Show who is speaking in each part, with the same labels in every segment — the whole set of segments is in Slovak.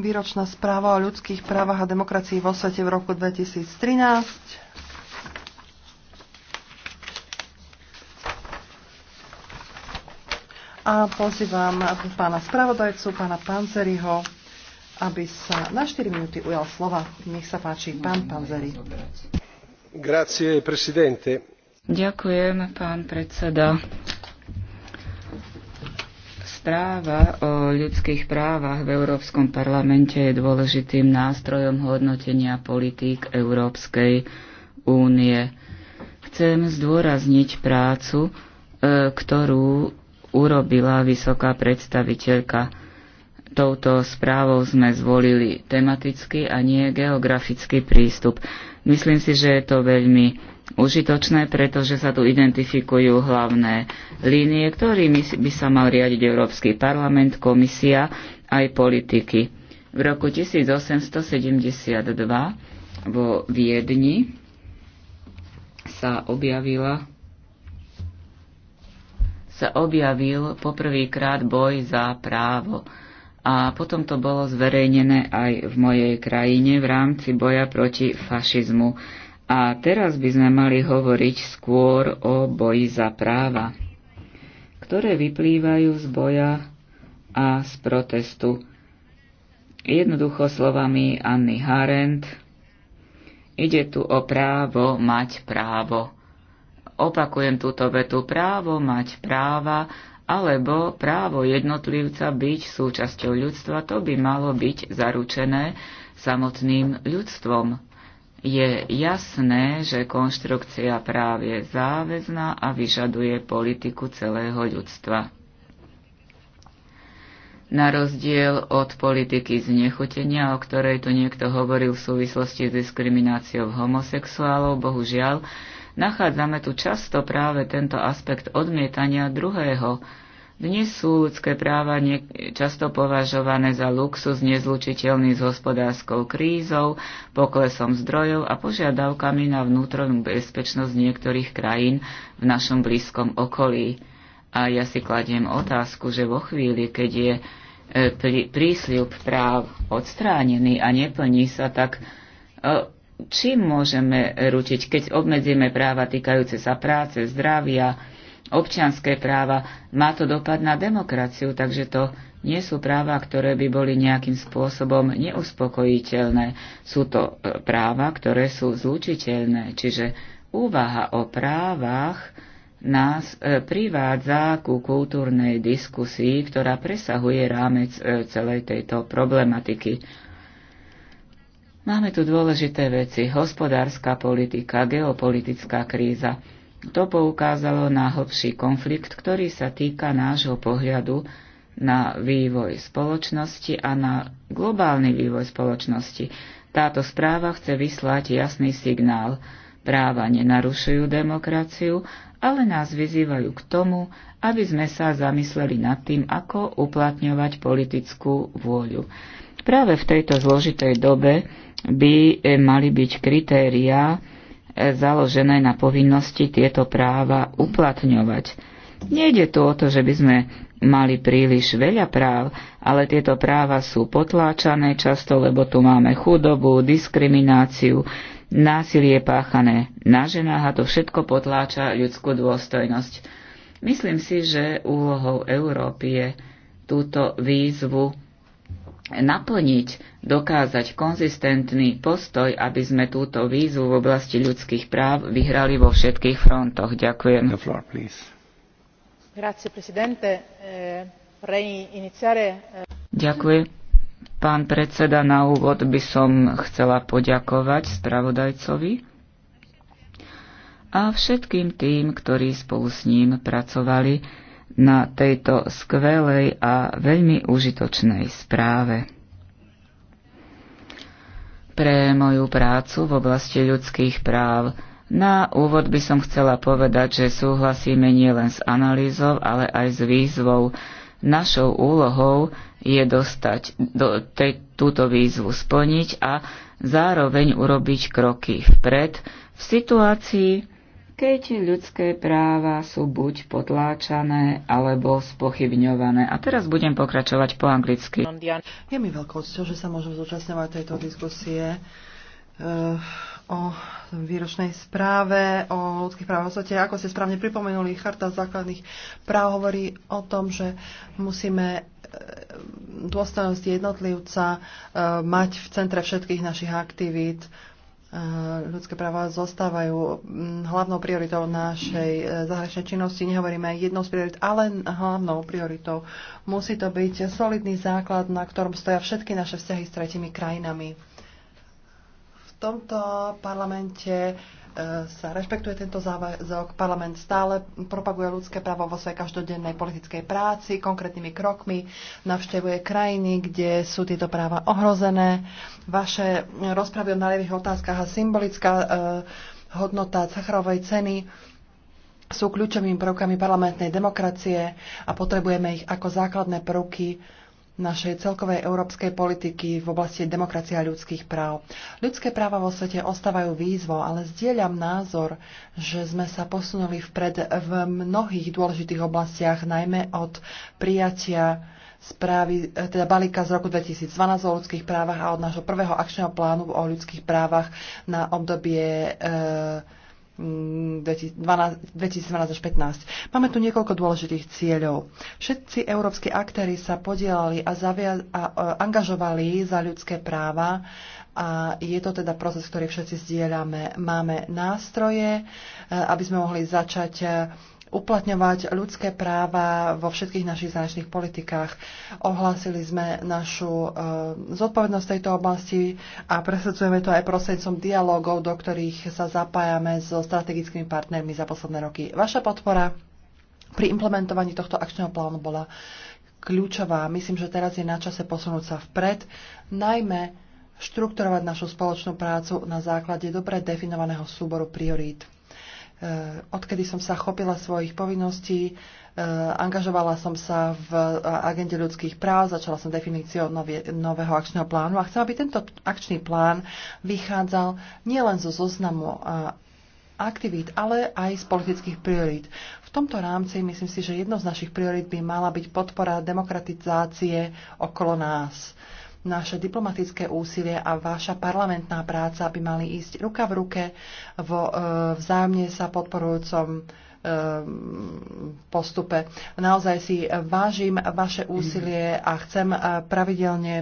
Speaker 1: Výročná správa o ľudských právach a demokracii vo svete v roku 2013. A pozývam pána spravodajcu, pána Panzeriho, aby sa na 4 minúty ujal slova. Nech sa páči, pán Panzeri.
Speaker 2: Grazie, presidente.
Speaker 1: Ďakujem, pán predseda.
Speaker 3: Správa o ľudských právach v Európskom parlamente je dôležitým nástrojom hodnotenia politík Európskej únie. Chcem zdôrazniť prácu, e, ktorú urobila vysoká predstaviteľka. Touto správou sme zvolili tematický a nie geografický prístup. Myslím si, že je to veľmi užitočné, pretože sa tu identifikujú hlavné línie, ktorými by sa mal riadiť Európsky parlament, komisia aj politiky. V roku 1872 vo Viedni sa objavila sa objavil poprvýkrát boj za právo. A potom to bolo zverejnené aj v mojej krajine v rámci boja proti fašizmu. A teraz by sme mali hovoriť skôr o boji za práva, ktoré vyplývajú z boja a z protestu. Jednoducho slovami Anny Harent, ide tu o právo mať právo. Opakujem túto vetu, právo mať práva, alebo právo jednotlivca byť súčasťou ľudstva, to by malo byť zaručené samotným ľudstvom. Je jasné, že konštrukcia práv je záväzná a vyžaduje politiku celého ľudstva. Na rozdiel od politiky znechutenia, o ktorej tu niekto hovoril v súvislosti s diskrimináciou homosexuálov, bohužiaľ, nachádzame tu často práve tento aspekt odmietania druhého, dnes sú ľudské práva často považované za luxus nezlučiteľný s hospodárskou krízou, poklesom zdrojov a požiadavkami na vnútornú bezpečnosť niektorých krajín v našom blízkom okolí. A ja si kladiem otázku, že vo chvíli, keď je e, prísľub práv odstránený a neplní sa, tak e, čím môžeme ručiť, keď obmedzíme práva týkajúce sa práce, zdravia, občianské práva. Má to dopad na demokraciu, takže to nie sú práva, ktoré by boli nejakým spôsobom neuspokojiteľné. Sú to e, práva, ktoré sú zlučiteľné, čiže úvaha o právach nás e, privádza ku kultúrnej diskusii, ktorá presahuje rámec e, celej tejto problematiky. Máme tu dôležité veci hospodárska politika, geopolitická kríza. To poukázalo na hlbší konflikt, ktorý sa týka nášho pohľadu na vývoj spoločnosti a na globálny vývoj spoločnosti. Táto správa chce vyslať jasný signál. Práva nenarušujú demokraciu, ale nás vyzývajú k tomu, aby sme sa zamysleli nad tým, ako uplatňovať politickú vôľu. Práve v tejto zložitej dobe by e, mali byť kritériá, založené na povinnosti tieto práva uplatňovať. Nejde tu o to, že by sme mali príliš veľa práv, ale tieto práva sú potláčané často, lebo tu máme chudobu, diskrimináciu, násilie páchané na ženách a to všetko potláča ľudskú dôstojnosť. Myslím si, že úlohou Európy je túto výzvu naplniť, dokázať konzistentný postoj, aby sme túto vízu v oblasti ľudských práv vyhrali vo všetkých frontoch. Ďakujem. The floor, eh, eh, Ďakujem. Pán predseda, na úvod by som chcela poďakovať spravodajcovi a všetkým tým, ktorí spolu s ním pracovali na tejto skvelej a veľmi užitočnej správe. Pre moju prácu v oblasti ľudských práv na úvod by som chcela povedať, že súhlasíme nielen s analýzou, ale aj s výzvou. Našou úlohou je dostať do te, túto výzvu splniť a zároveň urobiť kroky vpred v situácii, keď ľudské práva sú buď potláčané alebo spochybňované. A teraz budem pokračovať po anglicky.
Speaker 1: Je mi veľkou cťou, že sa môžem zúčastňovať tejto diskusie eh, o výročnej správe o ľudských právach svete. Ako ste správne pripomenuli, Charta základných práv hovorí o tom, že musíme eh, dôstojnosť jednotlivca eh, mať v centre všetkých našich aktivít Eh, ľudské práva zostávajú mm, hlavnou prioritou našej eh, zahraničnej činnosti. Nehovoríme jednou z priorit, ale hlavnou prioritou. Musí to byť solidný základ, na ktorom stoja všetky naše vzťahy s tretimi krajinami. V tomto parlamente E, sa rešpektuje tento záväzok. Parlament stále propaguje ľudské právo vo svojej každodennej politickej práci, konkrétnymi krokmi, navštevuje krajiny, kde sú tieto práva ohrozené. Vaše rozpravy o nalievých otázkach a symbolická e, hodnota Sacharovej ceny sú kľúčovými prvkami parlamentnej demokracie a potrebujeme ich ako základné prvky našej celkovej európskej politiky v oblasti demokracie a ľudských práv. Ľudské práva vo svete ostávajú výzvou, ale zdieľam názor, že sme sa posunuli vpred v mnohých dôležitých oblastiach, najmä od prijatia správy, teda balíka z roku 2012 o ľudských právach a od nášho prvého akčného plánu o ľudských právach na obdobie e, 2012 mm, až 15. Máme tu niekoľko dôležitých cieľov. Všetci európsky aktéry sa podielali a, zavia- a, a e, angažovali za ľudské práva a je to teda proces, ktorý všetci zdieľame. Máme nástroje, e, aby sme mohli začať e, uplatňovať ľudské práva vo všetkých našich zahraničných politikách. Ohlásili sme našu e, zodpovednosť tejto oblasti a presadzujeme to aj prostredcom dialogov, do ktorých sa zapájame so strategickými partnermi za posledné roky. Vaša podpora pri implementovaní tohto akčného plánu bola kľúčová. Myslím, že teraz je na čase posunúť sa vpred, najmä štrukturovať našu spoločnú prácu na základe dobre definovaného súboru priorít Eh, odkedy som sa chopila svojich povinností, eh, angažovala som sa v agende ľudských práv, začala som definíciou nového akčného plánu a chcela, aby tento akčný plán vychádzal nielen zo zoznamu a eh, aktivít, ale aj z politických priorít. V tomto rámci myslím si, že jednou z našich priorít by mala byť podpora demokratizácie okolo nás. Uh, naše diplomatické úsilie a vaša parlamentná práca by mali ísť ruka v ruke vo e, vzájomne sa podporujúcom e, postupe. Naozaj si vážim vaše úsilie a chcem e, pravidelne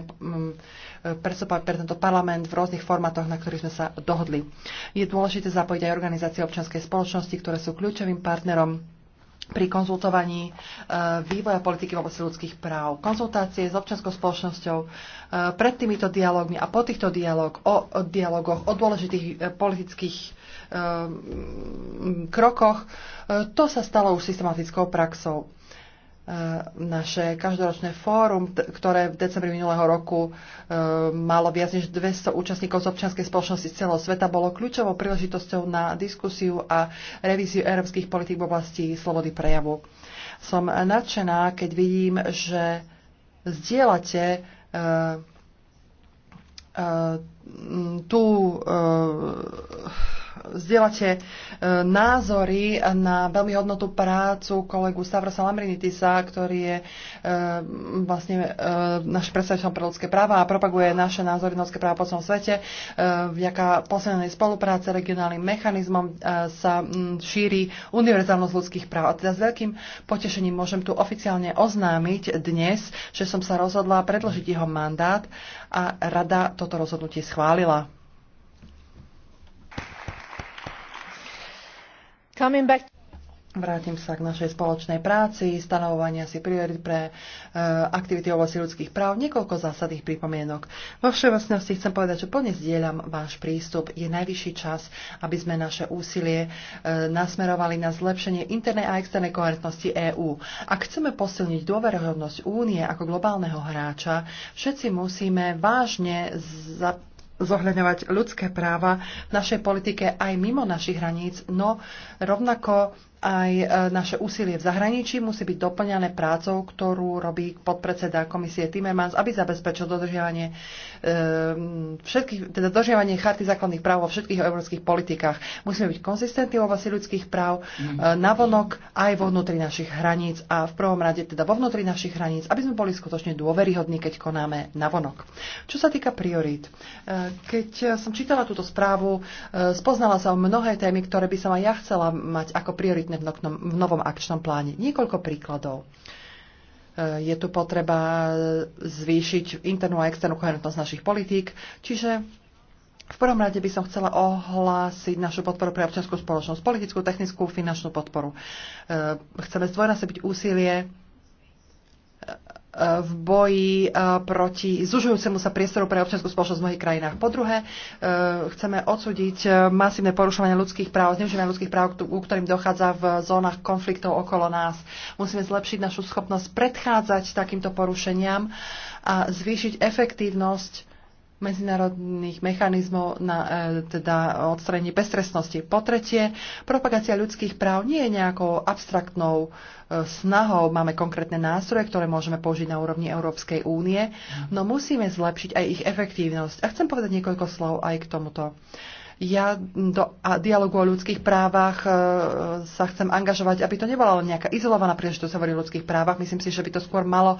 Speaker 1: predstupovať pre tento parlament v rôznych formátoch, na ktorých sme sa dohodli. Je dôležité zapojiť aj organizácie občianskej spoločnosti, ktoré sú kľúčovým partnerom pri konzultovaní e, vývoja politiky v oblasti ľudských práv, konzultácie s občianskou spoločnosťou e, pred týmito dialogmi a po týchto dialog, o, o dialogoch, o dôležitých e, politických krokoch. To sa stalo už systematickou praxou. E, naše každoročné fórum, ktoré v decembri minulého roku e, malo viac než 200 účastníkov z občianskej spoločnosti z celého sveta, bolo kľúčovou príležitosťou na diskusiu a revíziu európskych politík v oblasti slobody prejavu. Som nadšená, keď vidím, že zdieľate e, tú zdieľate e, názory na veľmi hodnotú prácu kolegu Stavrosa Lamrinitisa, ktorý je e, vlastne e, náš predstaviteľ pre ľudské práva a propaguje naše názory na ľudské práva po celom svete. Vďaka poslednej spolupráce regionálnym mechanizmom sa šíri univerzálnosť ľudských práv. A teda s veľkým potešením môžem tu oficiálne oznámiť dnes, že som sa rozhodla predložiť jeho mandát a rada toto rozhodnutie schválila. Vrátim sa k našej spoločnej práci, stanovovania si priorit pre e, aktivity oblasti ľudských práv, niekoľko zásadných pripomienok. Vo všeobecnosti chcem povedať, že plne zdieľam váš prístup. Je najvyšší čas, aby sme naše úsilie e, nasmerovali na zlepšenie internej a externej koherentnosti EÚ. Ak chceme posilniť dôveryhodnosť únie ako globálneho hráča, všetci musíme vážne za zohľadňovať ľudské práva v našej politike aj mimo našich hraníc, no rovnako aj e, naše úsilie v zahraničí musí byť doplňané prácou, ktorú robí podpredseda komisie Timmermans, aby zabezpečil dodržiavanie, e, všetkých, teda dodržiavanie charty základných práv vo všetkých európskych politikách. Musíme byť konzistentní v oblasti ľudských práv e, navonok aj vo vnútri našich hraníc a v prvom rade teda vo vnútri našich hraníc, aby sme boli skutočne dôveryhodní, keď konáme navonok. Čo sa týka priorít, keď som čítala túto správu, spoznala sa o mnohé témy, ktoré by som aj ja chcela mať ako priorit vidné v, noknom, v novom akčnom pláne. Niekoľko príkladov. E, je tu potreba zvýšiť internú a externú koherentnosť našich politík, čiže v prvom rade by som chcela ohlásiť našu podporu pre občianskú spoločnosť, politickú, technickú, finančnú podporu. E, chceme zdvojnásobiť úsilie v boji e, proti zužujúcemu sa priestoru pre občianskú spoločnosť v mnohých krajinách. Po druhé, e, chceme odsúdiť masívne porušovanie ľudských práv, zneužívanie ľudských práv, ku ktorým dochádza v zónach konfliktov okolo nás. Musíme zlepšiť našu schopnosť predchádzať takýmto porušeniam a zvýšiť efektívnosť medzinárodných mechanizmov na e, teda odstranenie bezstresnosti. Po tretie, propagácia ľudských práv nie je nejakou abstraktnou e, snahou. Máme konkrétne nástroje, ktoré môžeme použiť na úrovni Európskej únie, no musíme zlepšiť aj ich efektívnosť. A chcem povedať niekoľko slov aj k tomuto. E, ja do a dialogu o ľudských právach e, sa chcem angažovať, aby to nebola len nejaká izolovaná príležitosť hovoriť o ľudských právach. Myslím si, že by to skôr malo e,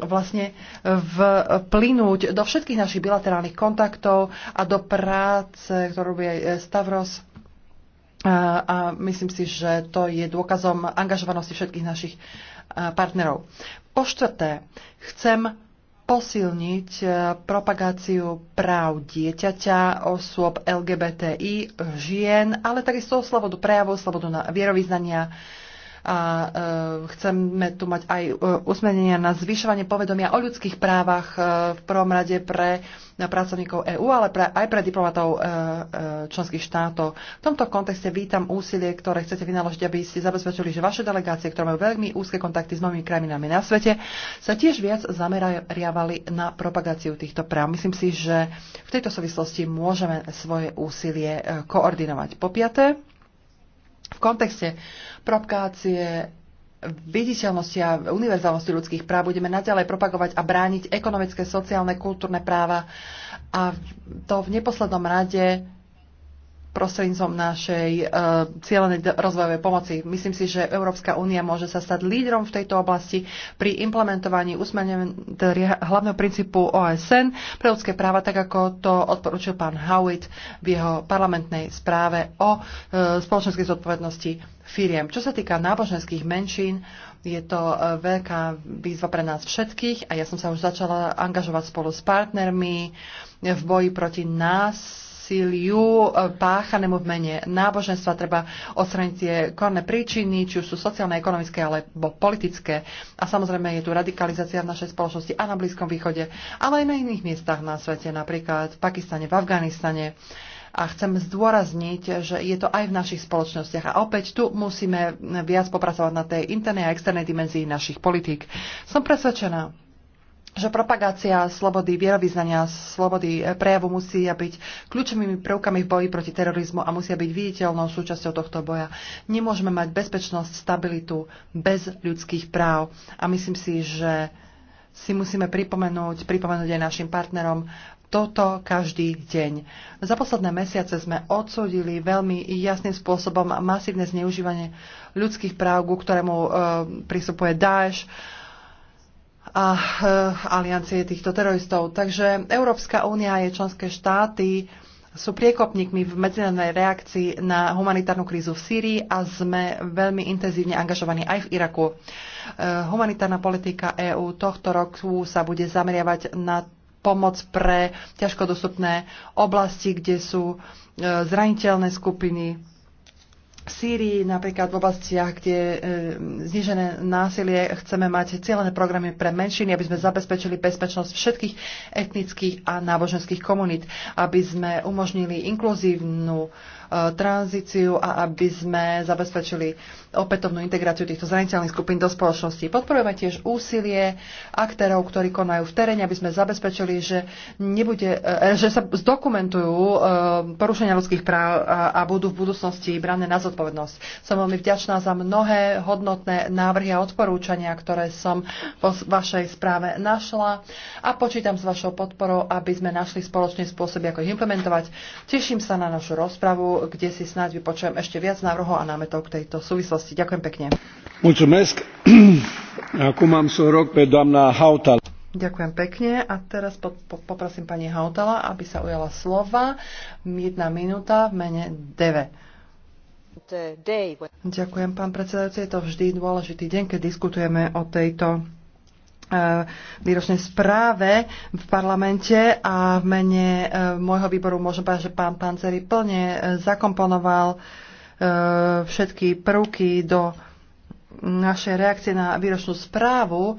Speaker 1: vlastne vplynúť do všetkých našich bilaterálnych kontaktov a do práce, ktorú robí aj e, Stavros. A, e, a myslím si, že to je dôkazom angažovanosti všetkých našich e, partnerov. Po štvrté, chcem posilniť e, propagáciu práv dieťaťa, osôb LGBTI, žien, ale takisto slobodu prejavu, slobodu na vierovýznania, a e, chceme tu mať aj e, usmernenia na zvyšovanie povedomia o ľudských právach e, v prvom rade pre pracovníkov EÚ, ale pre, aj pre diplomatov členských štátov. V tomto kontexte vítam úsilie, ktoré chcete vynaložiť, aby ste zabezpečili, že vaše delegácie, ktoré majú veľmi úzke kontakty s mnohými krajinami na svete, sa tiež viac zameriavali na propagáciu týchto práv. Myslím si, že v tejto súvislosti môžeme svoje úsilie koordinovať. Po piaté, v kontexte propagácie viditeľnosti a univerzálnosti ľudských práv budeme naďalej propagovať a brániť ekonomické, sociálne, kultúrne práva a to v neposlednom rade prostrednícom našej e, cieľenej rozvojovej pomoci. Myslím si, že Európska únia môže sa stať lídrom v tejto oblasti pri implementovaní usmernenia hlavného princípu OSN pre ľudské práva, tak ako to odporučil pán Howitt v jeho parlamentnej správe o e, spoločenskej zodpovednosti firiem. Čo sa týka náboženských menšín, je to e, veľká výzva pre nás všetkých a ja som sa už začala angažovať spolu s partnermi v boji proti nás násiliu eh, páchanému v mene náboženstva. Treba odstraniť tie korné príčiny, či už sú sociálne, ekonomické alebo politické. A samozrejme je tu radikalizácia v našej spoločnosti a na Blízkom východe, ale aj na iných miestach na svete, napríklad v Pakistane, v Afganistane a chcem zdôrazniť, že je to aj v našich spoločnostiach. A opäť tu musíme viac popracovať na tej internej a externej dimenzii našich politík. Som presvedčená, že propagácia slobody vierovýznania, slobody e, prejavu musia byť kľúčovými prvkami v boji proti terorizmu a musia byť viditeľnou súčasťou tohto boja. Nemôžeme mať bezpečnosť, stabilitu bez ľudských práv. A myslím si, že si musíme pripomenúť, pripomenúť aj našim partnerom toto každý deň. Za posledné mesiace sme odsúdili veľmi jasným spôsobom masívne zneužívanie ľudských práv, ku ktorému e, pristupuje Daesh a eh, aliancie týchto teroristov. Takže Európska únia a jej členské štáty sú priekopníkmi v medzinárodnej reakcii na humanitárnu krízu v Sýrii a sme veľmi intenzívne angažovaní aj v Iraku. Eh, humanitárna politika EÚ tohto roku sa bude zameriavať na pomoc pre ťažko dostupné oblasti, kde sú eh, zraniteľné skupiny, Sýrii, napríklad v oblastiach, kde e, znižené násilie chceme mať cieľené programy pre menšiny, aby sme zabezpečili bezpečnosť všetkých etnických a náboženských komunít, aby sme umožnili inkluzívnu e, tranzíciu a aby sme zabezpečili opätovnú integráciu týchto zraniteľných skupín do spoločnosti. Podporujeme tiež úsilie aktérov, ktorí konajú v teréne, aby sme zabezpečili, že, nebude, e, že sa zdokumentujú e, porušenia ľudských práv a, a budú v budúcnosti brané na zodpovednosť. Som veľmi vďačná za mnohé hodnotné návrhy a odporúčania, ktoré som vo vašej správe našla a počítam s vašou podporou, aby sme našli spoločný spôsob, ako ich implementovať. Teším sa na našu rozpravu, kde si snáď vypočujem ešte viac návrhov a námetov k tejto súvislosti. Ďakujem pekne. Ďakujem pekne a teraz po, po, poprosím pani Hautala, aby sa ujala slova. Jedna minúta v mene DEVE. Ďakujem, pán predsedajúci. Je to vždy dôležitý deň, keď diskutujeme o tejto e, výročnej správe v parlamente a v mene e, môjho výboru môžem povedať, že pán Panceri plne e, zakomponoval všetky prvky do našej reakcie na výročnú správu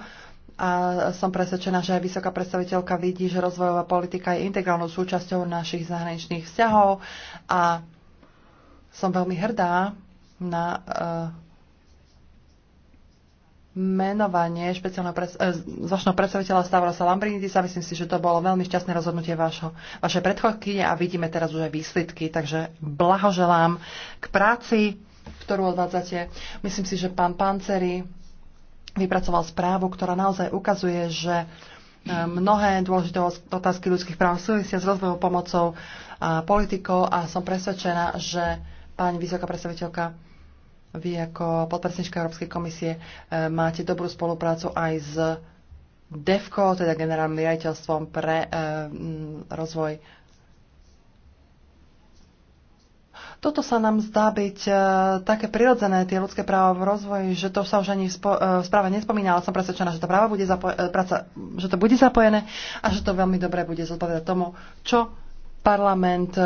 Speaker 1: a som presvedčená, že aj vysoká predstaviteľka vidí, že rozvojová politika je integrálnou súčasťou našich zahraničných vzťahov a som veľmi hrdá na eh, menovanie špeciálneho pres- eh, zvláštneho predstaviteľa Stavrosa Lambrinidisa. Myslím si, že to bolo veľmi šťastné rozhodnutie vašho, vaše predchodkyne a vidíme teraz už aj výsledky. Takže blahoželám k práci, ktorú odvádzate. Myslím si, že pán Panceri vypracoval správu, ktorá naozaj ukazuje, že eh, mnohé dôležité otázky ľudských práv súvisia s rozvojou pomocou a politikou a som presvedčená, že Pani vysoká predstaviteľka, vy ako podpredsednička Európskej komisie e, máte dobrú spoluprácu aj s DEFCO, teda generálnym riaditeľstvom pre e, rozvoj. Toto sa nám zdá byť e, také prirodzené, tie ľudské práva v rozvoji, že to sa už ani v, spo, e, v správe nespomína, ale som presvedčená, že to, práva bude zapo- e, práca, že to bude zapojené a že to veľmi dobre bude zodpovedať tomu, čo parlament e,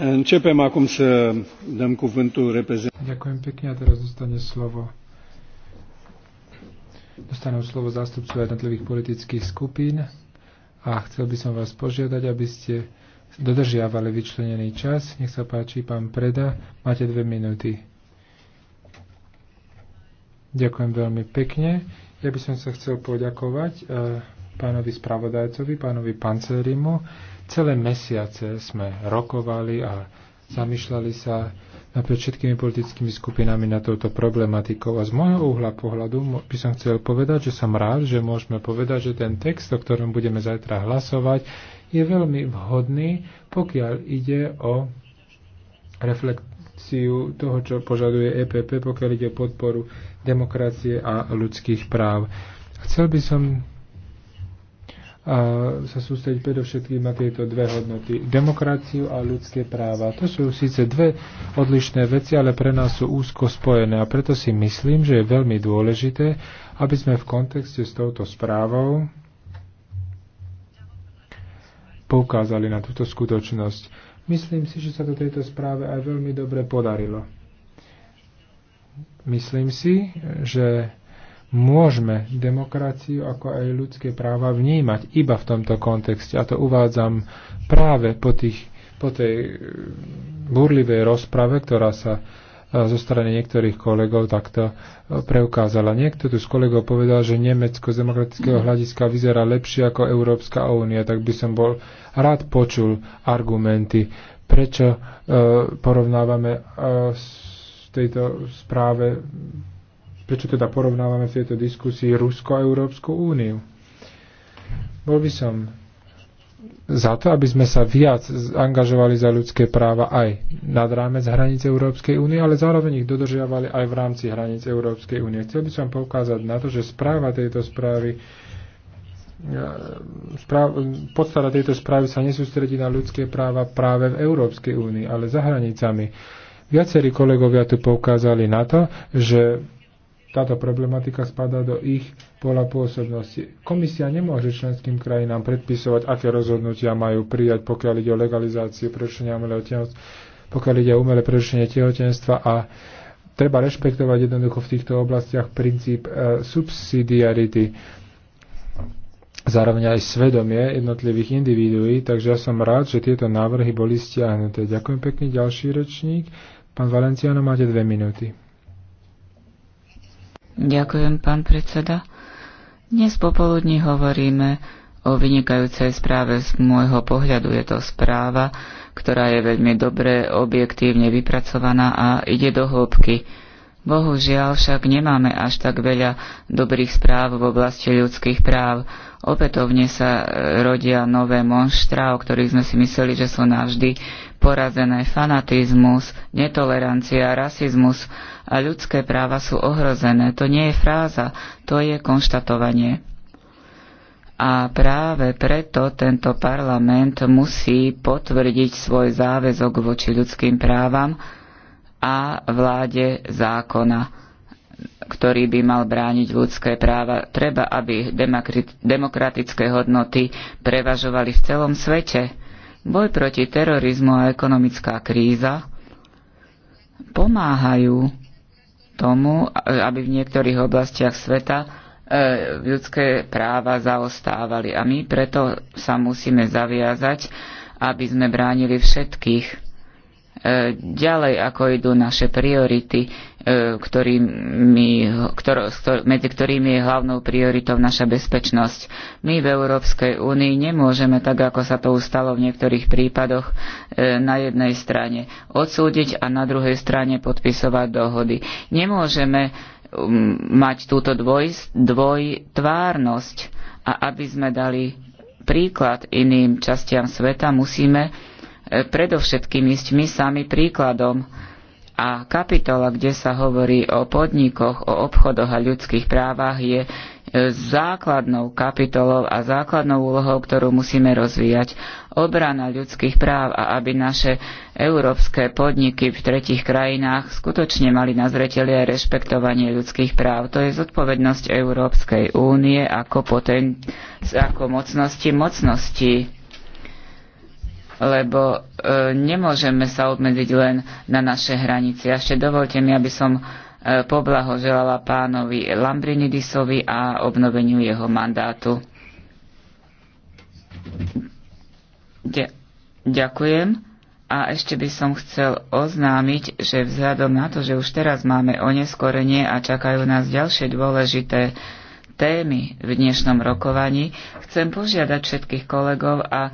Speaker 4: Începem acum să dăm cuvântul reprezentantului.
Speaker 2: Ďakujem pekne a teraz dostane slovo. Dostanú slovo zástupcov jednotlivých politických skupín a chcel by som vás požiadať, aby ste dodržiavali vyčlenený čas. Nech sa páči, pán Preda, máte dve minúty. Ďakujem veľmi pekne. Ja by som sa chcel poďakovať eh, pánovi spravodajcovi, pánovi Pancerimu, Celé mesiace sme rokovali a zamýšľali sa naprieč všetkými politickými skupinami na touto problematikou. A z môjho uhla pohľadu by som chcel povedať, že som rád, že môžeme povedať, že ten text, o ktorom budeme zajtra hlasovať, je veľmi vhodný, pokiaľ ide o reflekciu toho, čo požaduje EPP, pokiaľ ide o podporu demokracie a ľudských práv. Chcel by som sa sústrediť predovšetkým na tieto dve hodnoty. Demokraciu a ľudské práva. To sú síce dve odlišné veci, ale pre nás sú úzko spojené a preto si myslím, že je veľmi dôležité, aby sme v kontexte s touto správou poukázali na túto skutočnosť. Myslím si, že sa do tejto správe aj veľmi dobre podarilo. Myslím si, že môžeme demokraciu ako aj ľudské práva vnímať iba v tomto kontexte. A to uvádzam práve po, tých, po tej e, burlivej rozprave, ktorá sa e, zo strany niektorých kolegov takto e, preukázala. Niekto tu z kolegov povedal, že Nemecko z demokratického hľadiska vyzerá lepšie ako Európska únia, tak by som bol rád počul argumenty, prečo e, porovnávame e, v tejto správe Prečo teda porovnávame v tejto diskusii Rusko a Európsku úniu? Bol by som za to, aby sme sa viac angažovali za ľudské práva aj nad rámec hranice Európskej únie, ale zároveň ich dodržiavali aj v rámci hraníc Európskej únie. Chcel by som poukázať na to, že správa tejto správy e, správ, podstata tejto správy sa nesústredí na ľudské práva práve v Európskej únii, ale za hranicami. Viacerí kolegovia tu poukázali na to, že táto problematika spadá do ich pola pôsobnosti. Komisia nemôže členským krajinám predpisovať, aké rozhodnutia majú prijať, pokiaľ ide o legalizáciu prerušenia umelého tehotenstva, pokiaľ ide o umelé prerušenie tehotenstva a treba rešpektovať jednoducho v týchto oblastiach princíp e, subsidiarity zároveň aj svedomie jednotlivých individuí, takže ja som rád, že tieto návrhy boli stiahnuté. Ďakujem pekne, ďalší rečník. Pán Valenciano, máte dve minúty.
Speaker 3: Ďakujem, pán predseda. Dnes popoludní hovoríme o vynikajúcej správe z môjho pohľadu. Je to správa, ktorá je veľmi dobre, objektívne vypracovaná a ide do hĺbky. Bohužiaľ však nemáme až tak veľa dobrých správ v oblasti ľudských práv. Opätovne sa e, rodia nové monštra, o ktorých sme si mysleli, že sú navždy porazené. Fanatizmus, netolerancia, rasizmus a ľudské práva sú ohrozené. To nie je fráza, to je konštatovanie. A práve preto tento parlament musí potvrdiť svoj záväzok voči ľudským právam, a vláde zákona, ktorý by mal brániť ľudské práva. Treba, aby demokratické hodnoty prevažovali v celom svete. Boj proti terorizmu a ekonomická kríza pomáhajú tomu, aby v niektorých oblastiach sveta e, ľudské práva zaostávali a my preto sa musíme zaviazať, aby sme bránili všetkých. E, ďalej, ako idú naše priority, e, ktorými, ktor, medzi ktorými je hlavnou prioritou naša bezpečnosť. My v Európskej únii nemôžeme, tak ako sa to ustalo v niektorých prípadoch, e, na jednej strane odsúdiť a na druhej strane podpisovať dohody. Nemôžeme um, mať túto dvoj, dvojtvárnosť a aby sme dali príklad iným častiam sveta, musíme E, predovšetkým ísť my sami príkladom. A kapitola, kde sa hovorí o podnikoch, o obchodoch a ľudských právach, je e, základnou kapitolou a základnou úlohou, ktorú musíme rozvíjať. Obrana ľudských práv a aby naše európske podniky v tretich krajinách skutočne mali na zreteli aj rešpektovanie ľudských práv. To je zodpovednosť Európskej únie ako, poten- ako mocnosti mocnosti lebo e, nemôžeme sa obmedziť len na naše hranice. A ešte dovolte mi, aby som e, poblahoželala pánovi Lambrinidisovi a obnoveniu jeho mandátu. De- ďakujem. A ešte by som chcel oznámiť, že vzhľadom na to, že už teraz máme oneskorenie a čakajú nás ďalšie dôležité témy v dnešnom rokovaní, chcem požiadať všetkých kolegov a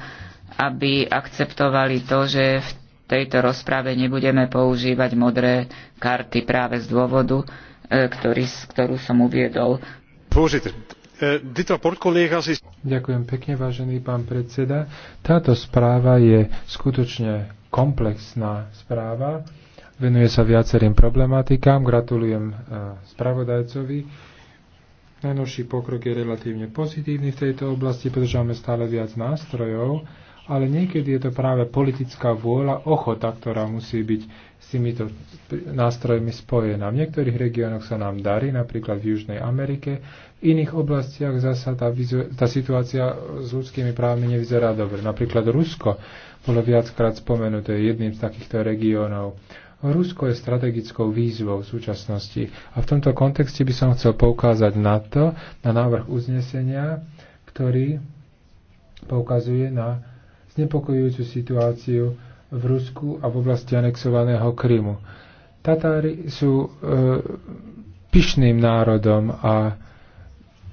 Speaker 3: aby akceptovali to, že v tejto rozprave nebudeme používať modré karty práve z dôvodu, e, ktorý, ktorú som uviedol.
Speaker 2: E, Ďakujem pekne, vážený pán predseda. Táto správa je skutočne komplexná správa. Venuje sa viacerým problematikám. Gratulujem e, spravodajcovi. Najnovší pokrok je relatívne pozitívny v tejto oblasti, pretože máme stále viac nástrojov, ale niekedy je to práve politická vôľa, ochota, ktorá musí byť s týmito nástrojmi spojená. V niektorých regiónoch sa nám darí, napríklad v Južnej Amerike, v iných oblastiach zasa tá, tá situácia s ľudskými právami nevyzerá dobre. Napríklad Rusko bolo viackrát spomenuté jedným z takýchto regiónov. Rusko je strategickou výzvou v súčasnosti a v tomto kontexte by som chcel poukázať na to, na návrh uznesenia, ktorý poukazuje na znepokojujúcu situáciu v Rusku a v oblasti anexovaného Krymu. Tatári sú e, pyšným národom a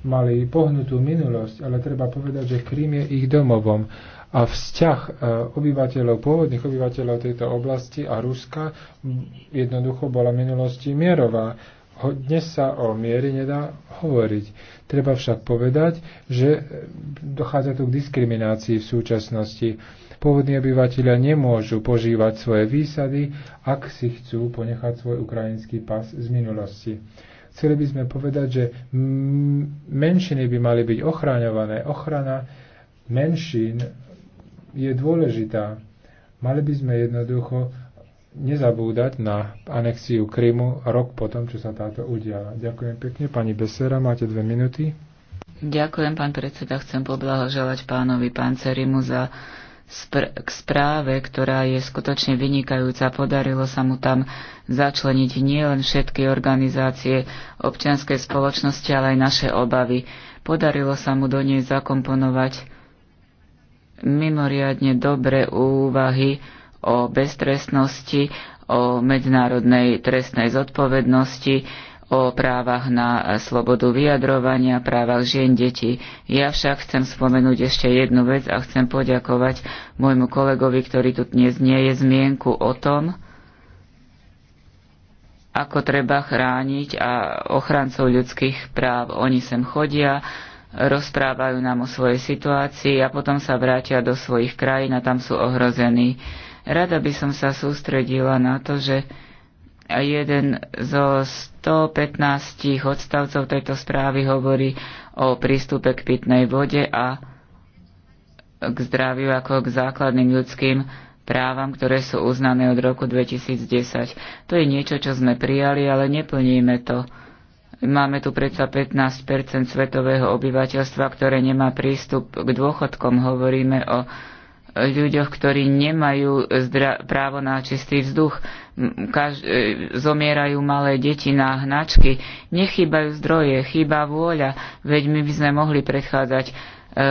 Speaker 2: mali pohnutú minulosť, ale treba povedať, že Krym je ich domovom a vzťah e, obyvateľov, pôvodných obyvateľov tejto oblasti a Ruska jednoducho bola v minulosti mierová dnes sa o miery nedá hovoriť. Treba však povedať, že dochádza tu k diskriminácii v súčasnosti. Pôvodní obyvateľia nemôžu požívať svoje výsady, ak si chcú ponechať svoj ukrajinský pas z minulosti. Chceli by sme povedať, že menšiny by mali byť ochraňované. Ochrana menšín je dôležitá. Mali by sme jednoducho nezabúdať na anexiu Krymu rok potom, čo sa táto udiala. Ďakujem pekne. Pani Besera, máte dve minúty.
Speaker 3: Ďakujem, pán predseda. Chcem poblahoželať pánovi Pancerimu za spr- k správe, ktorá je skutočne vynikajúca. Podarilo sa mu tam začleniť nielen všetky organizácie občianskej spoločnosti, ale aj naše obavy. Podarilo sa mu do nej zakomponovať mimoriadne dobré úvahy, o beztrestnosti, o medzinárodnej trestnej zodpovednosti, o právach na slobodu vyjadrovania, právach žien, detí. Ja však chcem spomenúť ešte jednu vec a chcem poďakovať môjmu kolegovi, ktorý tu dnes nie je zmienku o tom, ako treba chrániť a ochrancov ľudských práv. Oni sem chodia, rozprávajú nám o svojej situácii a potom sa vrátia do svojich krajín a tam sú ohrození. Rada by som sa sústredila na to, že jeden zo 115 odstavcov tejto správy hovorí o prístupe k pitnej vode a k zdraviu ako k základným ľudským právam, ktoré sú uznané od roku 2010. To je niečo, čo sme prijali, ale neplníme to. Máme tu predsa 15 svetového obyvateľstva, ktoré nemá prístup k dôchodkom. Hovoríme o ľuďoch, ktorí nemajú právo na čistý vzduch, Kaž- e, zomierajú malé deti na hnačky, nechýbajú zdroje, chýba vôľa, veď my by sme mohli predchádzať e,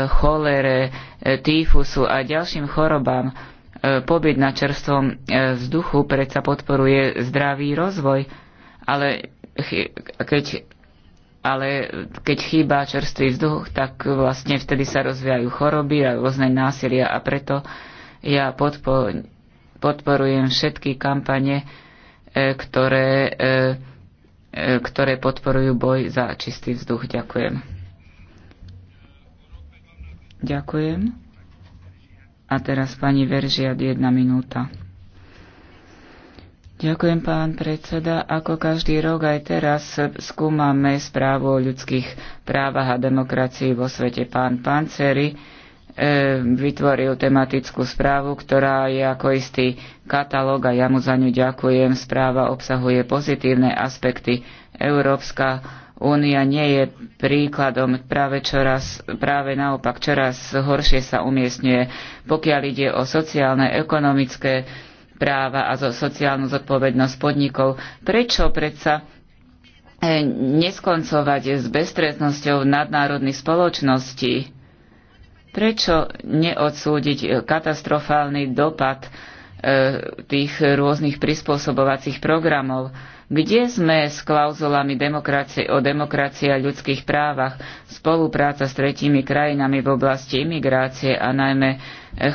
Speaker 3: cholere, e, týfusu a ďalším chorobám. E, pobyt na čerstvom e, vzduchu predsa podporuje zdravý rozvoj, ale keď ale keď chýba čerstvý vzduch, tak vlastne vtedy sa rozvíjajú choroby a rôzne násilia a preto ja podpo- podporujem všetky kampane, e, ktoré, e, e, ktoré podporujú boj za čistý vzduch. Ďakujem. Ďakujem. A teraz pani Veržiad, jedna minúta. Ďakujem, pán predseda. Ako každý rok aj teraz skúmame správu o ľudských právach a demokracii vo svete. Pán Panceri e, vytvoril tematickú správu, ktorá je ako istý katalóg a ja mu za ňu ďakujem. Správa obsahuje pozitívne aspekty. Európska únia nie je príkladom, práve, čoraz, práve naopak čoraz horšie sa umiestňuje. Pokiaľ ide o sociálne, ekonomické, práva a sociálnu zodpovednosť podnikov. Prečo predsa eh, neskoncovať s bestretnosťou nadnárodných spoločností? Prečo neodsúdiť katastrofálny dopad eh, tých rôznych prispôsobovacích programov? Kde sme s klauzulami demokracie, o demokracii a ľudských právach, spolupráca s tretími krajinami v oblasti imigrácie a najmä e,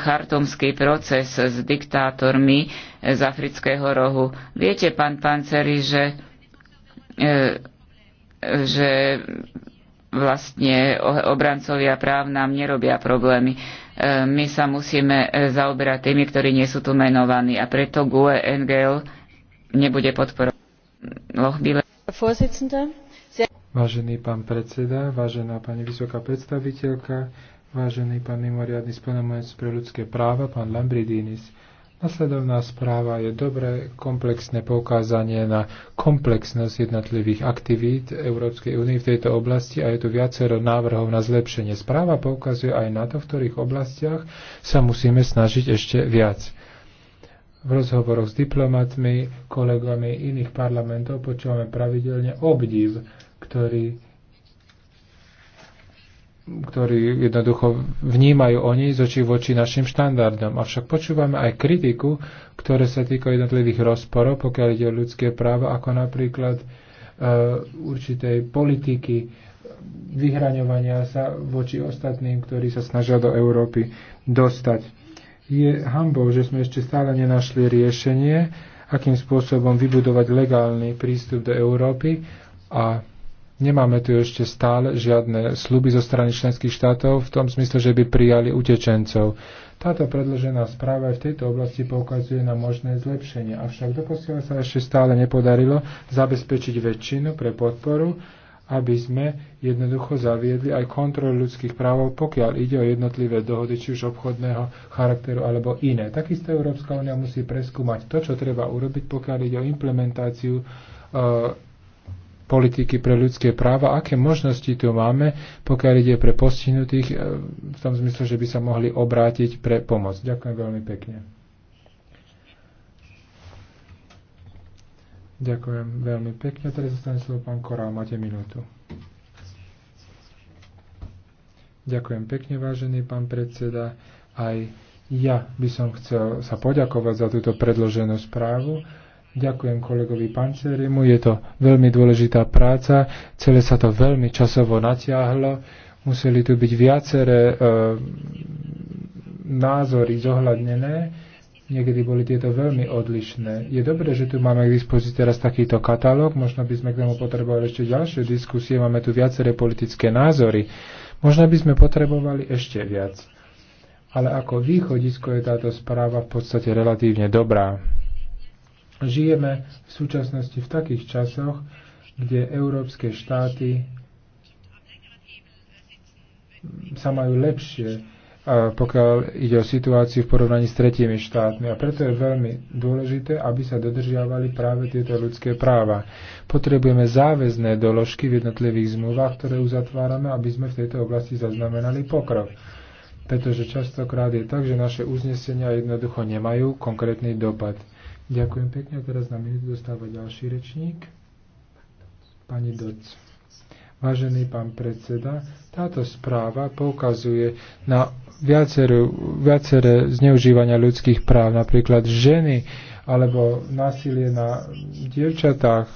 Speaker 3: chartomský proces s diktátormi e, z afrického rohu? Viete, pán Panceri, že, e, že vlastne obrancovia práv nám nerobia problémy. My sa musíme zaoberať tými, ktorí nie sú tu menovaní a preto GUE NGL nebude podporovať. No,
Speaker 2: vážený pán predseda, vážená pani vysoká predstaviteľka, vážený pán mimoriadný splnomocnec pre ľudské práva, pán Lambridinis, Nasledovná správa je dobré komplexné poukázanie na komplexnosť jednotlivých aktivít Európskej únie v tejto oblasti a je tu viacero návrhov na zlepšenie. Správa poukazuje aj na to, v ktorých oblastiach sa musíme snažiť ešte viac v rozhovoroch s diplomatmi, kolegami iných parlamentov počúvame pravidelne obdiv, ktorý ktorí jednoducho vnímajú oni z očí voči našim štandardom. Avšak počúvame aj kritiku, ktoré sa týka jednotlivých rozporov, pokiaľ ide o ľudské práva, ako napríklad e, určitej politiky vyhraňovania sa voči ostatným, ktorí sa snažia do Európy dostať. Je hambou, že sme ešte stále nenašli riešenie, akým spôsobom vybudovať legálny prístup do Európy a nemáme tu ešte stále žiadne sluby zo strany členských štátov v tom smysle, že by prijali utečencov. Táto predložená správa aj v tejto oblasti poukazuje na možné zlepšenie, avšak doposiaľ sa ešte stále nepodarilo zabezpečiť väčšinu pre podporu aby sme jednoducho zaviedli aj kontrolu ľudských práv, pokiaľ ide o jednotlivé dohody, či už obchodného charakteru alebo iné. Takisto Európska únia musí preskúmať to, čo treba urobiť, pokiaľ ide o implementáciu e, politiky pre ľudské práva, aké možnosti tu máme, pokiaľ ide pre postihnutých, e, v tom zmysle, že by sa mohli obrátiť pre pomoc. Ďakujem veľmi pekne. Ďakujem veľmi pekne. Teraz zostane slovo pán Korál. Máte minútu. Ďakujem pekne, vážený pán predseda. Aj ja by som chcel sa poďakovať za túto predloženú správu. Ďakujem kolegovi Pancerimu, je to veľmi dôležitá práca, celé sa to veľmi časovo natiahlo, museli tu byť viaceré e, názory zohľadnené Niekedy boli tieto veľmi odlišné. Je dobré, že tu máme k dispozícii teraz takýto katalóg, možno by sme k tomu potrebovali ešte ďalšie diskusie, máme tu viaceré politické názory. Možno by sme potrebovali ešte viac. Ale ako východisko je táto správa v podstate relatívne dobrá. Žijeme v súčasnosti v takých časoch, kde európske štáty sa majú lepšie pokiaľ ide o situáciu v porovnaní s tretími štátmi. A preto je veľmi dôležité, aby sa dodržiavali práve tieto ľudské práva. Potrebujeme záväzné doložky v jednotlivých zmluvách, ktoré uzatvárame, aby sme v tejto oblasti zaznamenali pokrok. Pretože častokrát je tak, že naše uznesenia jednoducho nemajú konkrétny dopad. Ďakujem pekne. A teraz na minútu dostáva ďalší rečník. Pani Doc. Vážený pán predseda, táto správa poukazuje na viaceré, viaceré zneužívania ľudských práv, napríklad ženy alebo násilie na dievčatách,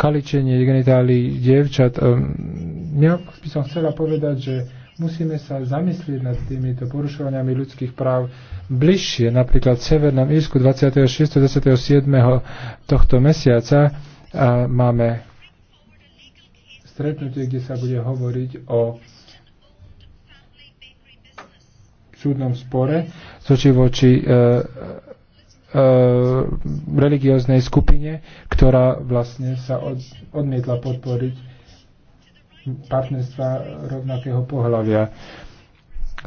Speaker 2: kaličenie genitálií dievčat. Ehm, ja by som chcela povedať, že musíme sa zamyslieť nad týmito porušovaniami ľudských práv bližšie. Napríklad v Severnom Írsku 26. 27. tohto mesiaca máme stretnutie, kde sa bude hovoriť o súdnom spore soči voči e, e, e, religióznej skupine, ktorá vlastne sa od, odmietla podporiť partnerstva rovnakého pohľavia.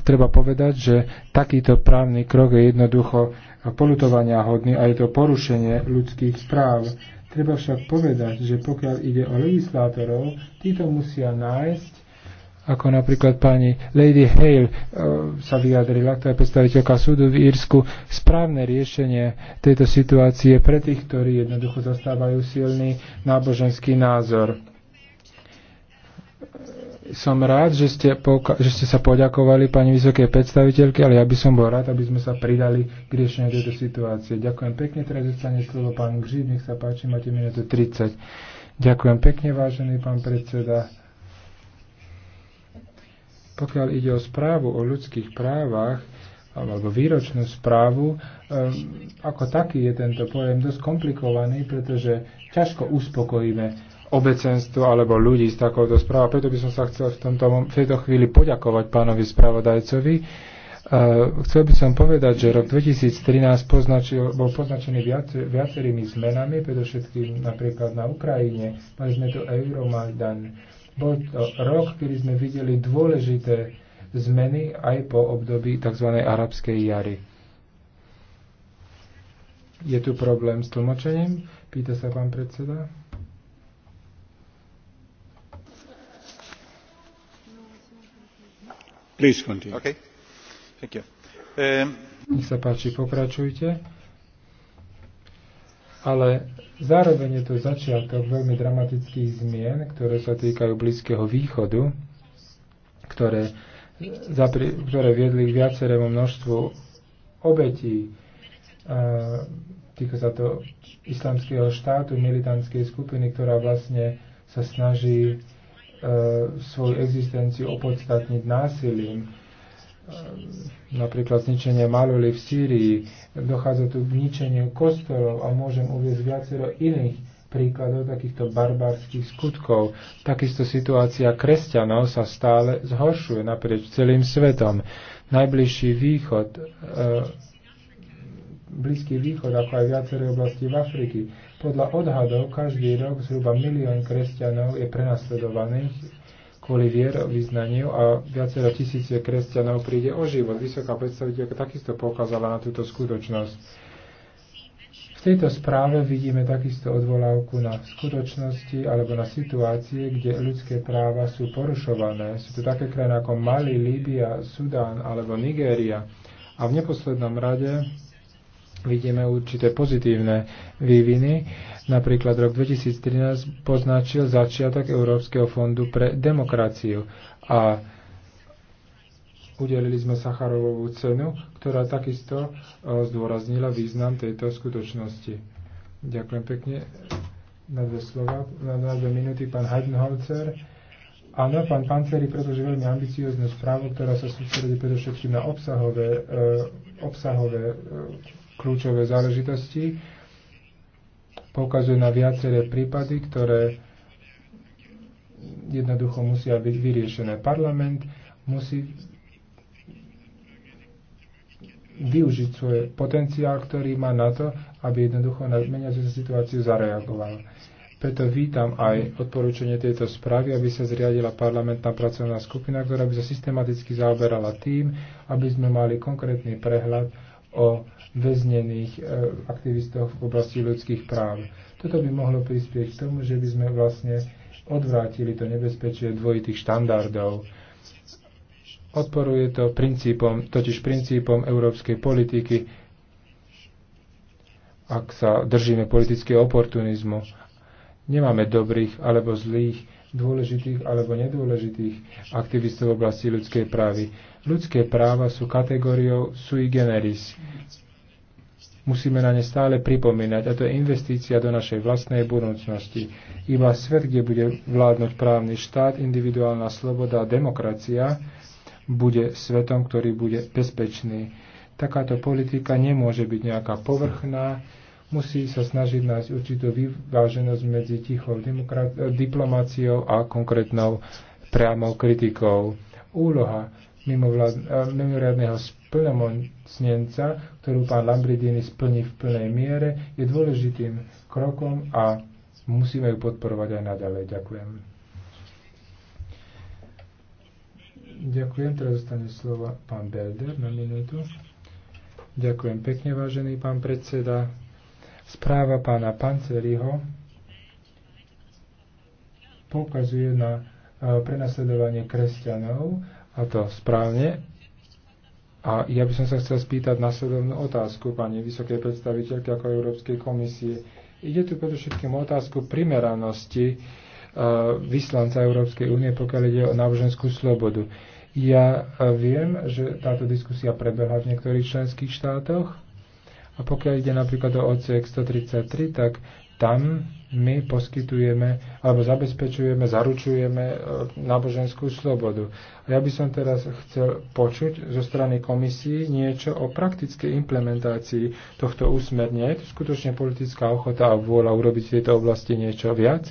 Speaker 2: Treba povedať, že takýto právny krok je jednoducho polutovania hodný a je to porušenie ľudských práv. Treba však povedať, že pokiaľ ide o legislátorov, títo musia nájsť ako napríklad pani Lady Hale eh, sa vyjadrila, ktorá je predstaviteľka súdu v Írsku, správne riešenie tejto situácie pre tých, ktorí jednoducho zastávajú silný náboženský názor som rád, že ste, že ste sa poďakovali pani vysokej predstaviteľke, ale ja by som bol rád, aby sme sa pridali k riešeniu tejto situácie. Ďakujem pekne, teraz zostane slovo pán Gřív, nech sa páči, máte minútu 30. Ďakujem pekne, vážený pán predseda. Pokiaľ ide o správu o ľudských právach, alebo výročnú správu. um, ako taký je tento pojem dosť komplikovaný, pretože ťažko uspokojíme obecenstvo alebo ľudí s takouto správou. Preto by som sa chcel v, tomto, v tejto chvíli poďakovať pánovi spravodajcovi. Uh, chcel by som povedať, že rok 2013 poznačil, bol poznačený viac, viacerými zmenami, predovšetkým napríklad na Ukrajine. Mali sme tu Euromajdan. Bol to rok, kedy sme videli dôležité zmeny aj po období tzv. arabskej jary. Je tu problém s tlmočením? Pýta sa pán predseda.
Speaker 4: Please continue. Okay. Thank you. Um...
Speaker 2: Nech sa páči, pokračujte. Ale zároveň je to začiatok veľmi dramatických zmien, ktoré sa týkajú Blízkeho východu, ktoré, zapri, ktoré viedli k viacerému množstvu obetí. týka sa to islamského štátu, militantskej skupiny, ktorá vlastne sa snaží E, svoju existenciu opodstatniť násilím. E, napríklad zničenie Maloli v Sýrii, dochádza tu k ničeniu kostolov a môžem uvieť viacero iných príkladov takýchto barbarských skutkov. Takisto situácia kresťanov sa stále zhoršuje naprieč celým svetom. Najbližší východ, e, Blízky východ, ako aj viaceré oblasti v Afriky, podľa odhadov každý rok zhruba milión kresťanov je prenasledovaných kvôli vierovýznaniu a viacero tisíce kresťanov príde o život. Vysoká predstaviteľka takisto poukázala na túto skutočnosť. V tejto správe vidíme takisto odvolávku na skutočnosti alebo na situácie, kde ľudské práva sú porušované. Sú to také krajiny ako Mali, Líbia, Sudán alebo Nigéria. A v neposlednom rade vidíme určité pozitívne výviny. Napríklad rok 2013 poznačil začiatok Európskeho fondu pre demokraciu a udelili sme Sacharovovú cenu, ktorá takisto e, zdôraznila význam tejto skutočnosti. Ďakujem pekne na dve slova, na, dve minúty pán Heidenholzer. Áno, pán Panceri pretože veľmi ambiciozne správu, ktorá sa sústredí predovšetkým na obsahové, e, obsahové e, kľúčové záležitosti. Poukazuje na viaceré prípady, ktoré jednoducho musia byť vyriešené. Parlament musí využiť svoj potenciál, ktorý má na to, aby jednoducho na meniacu sa situáciu zareagoval. Preto vítam aj odporúčanie tejto správy, aby sa zriadila parlamentná pracovná skupina, ktorá by sa systematicky zaoberala tým, aby sme mali konkrétny prehľad o väznených e, aktivistov v oblasti ľudských práv. Toto by mohlo prispieť k tomu, že by sme vlastne odvrátili to nebezpečie dvojitých štandardov. Odporuje to princípom, totiž princípom európskej politiky, ak sa držíme politického oportunizmu. Nemáme dobrých alebo zlých, dôležitých alebo nedôležitých aktivistov v oblasti ľudskej právy. Ľudské práva sú kategóriou sui generis. Musíme na ne stále pripomínať a to je investícia do našej vlastnej budúcnosti. Iba svet, kde bude vládnuť právny štát, individuálna sloboda a demokracia, bude svetom, ktorý bude bezpečný. Takáto politika nemôže byť nejaká povrchná, musí sa snažiť nájsť určitú vyváženosť medzi tichou eh, diplomáciou a konkrétnou priamou kritikou. Úloha mimoriadného splnomocnenca, ktorú pán Lambridini splní v plnej miere, je dôležitým krokom a musíme ju podporovať aj naďalej. Ďakujem. Ďakujem. Teraz zostane slovo pán Belder na minútu. Ďakujem pekne, vážený pán predseda. Správa pána Panceriho poukazuje na prenasledovanie kresťanov a to správne. A ja by som sa chcel spýtať nasledovnú otázku pani vysokej predstaviteľky ako Európskej komisie. Ide tu predovšetkým o otázku primeranosti e, vyslanca Európskej únie, pokiaľ ide o náboženskú slobodu. Ja e, viem, že táto diskusia prebehla v niektorých členských štátoch a pokiaľ ide napríklad o OCX 133, tak tam my poskytujeme alebo zabezpečujeme, zaručujeme e, náboženskú slobodu. A ja by som teraz chcel počuť zo strany komisii niečo o praktickej implementácii tohto úsmernia. Je to skutočne politická ochota a vôľa urobiť v tejto oblasti niečo viac?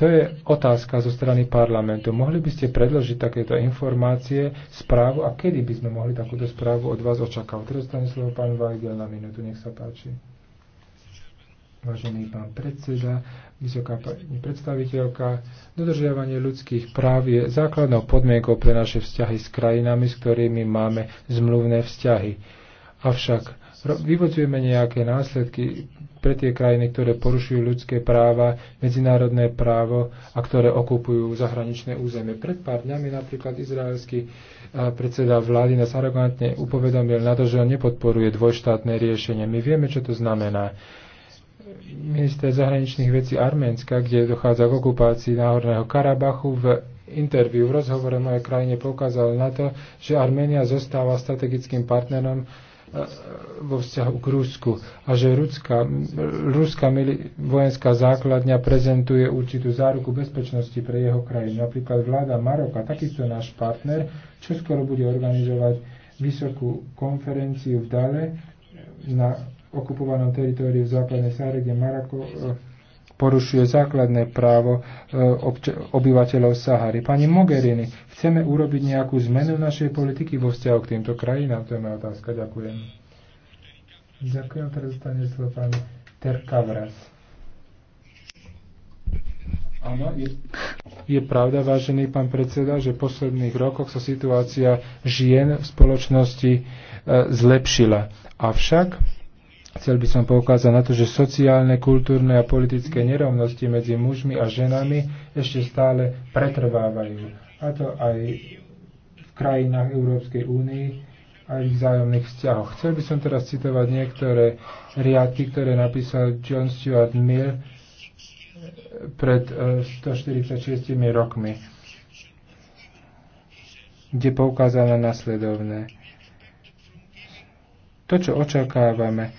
Speaker 2: To je otázka zo strany parlamentu. Mohli by ste predložiť takéto informácie, správu a kedy by sme mohli takúto správu od vás očakávať? Teraz stane slovo pán Weigel na minútu, nech sa páči. Vážený pán predseda, vysoká pani predstaviteľka, dodržiavanie ľudských práv je základnou podmienkou pre naše vzťahy s krajinami, s ktorými máme zmluvné vzťahy. Avšak vyvodzujeme nejaké následky pre tie krajiny, ktoré porušujú ľudské práva, medzinárodné právo a ktoré okupujú zahraničné územie. Pred pár dňami napríklad izraelský eh, predseda vlády nás arogantne upovedomil na to, že on nepodporuje dvojštátne riešenie. My vieme, čo to znamená minister zahraničných vecí Arménska, kde dochádza k okupácii Náhorného Karabachu, v interviu, v rozhovore mojej krajine poukázal na to, že Arménia zostáva strategickým partnerom e, vo vzťahu k Rusku a že ruská, mili, vojenská základňa prezentuje určitú záruku bezpečnosti pre jeho krajinu. Napríklad vláda Maroka, takisto náš partner, čo skoro bude organizovať vysokú konferenciu v Dale na okupovanom teritóriu v západnej Sáre, kde Maroko eh, porušuje základné právo eh, obyvateľov Sahary. Pani Mogherini, chceme urobiť nejakú zmenu v našej politiky vo vzťahu k týmto krajinám? To je moja otázka. Ďakujem. Ďakujem. Teraz zostane slovo pán Terkavras. Áno, je, je pravda, vážený pán predseda, že v posledných rokoch sa situácia žien v spoločnosti e, zlepšila. Avšak Chcel by som poukázať na to, že sociálne, kultúrne a politické nerovnosti medzi mužmi a ženami ešte stále pretrvávajú. A to aj v krajinách Európskej únii a ich vzájomných vzťahoch. Chcel by som teraz citovať niektoré riadky, ktoré napísal John Stuart Mill pred 146 e, rokmi, kde poukázal na nasledovné. To, čo očakávame,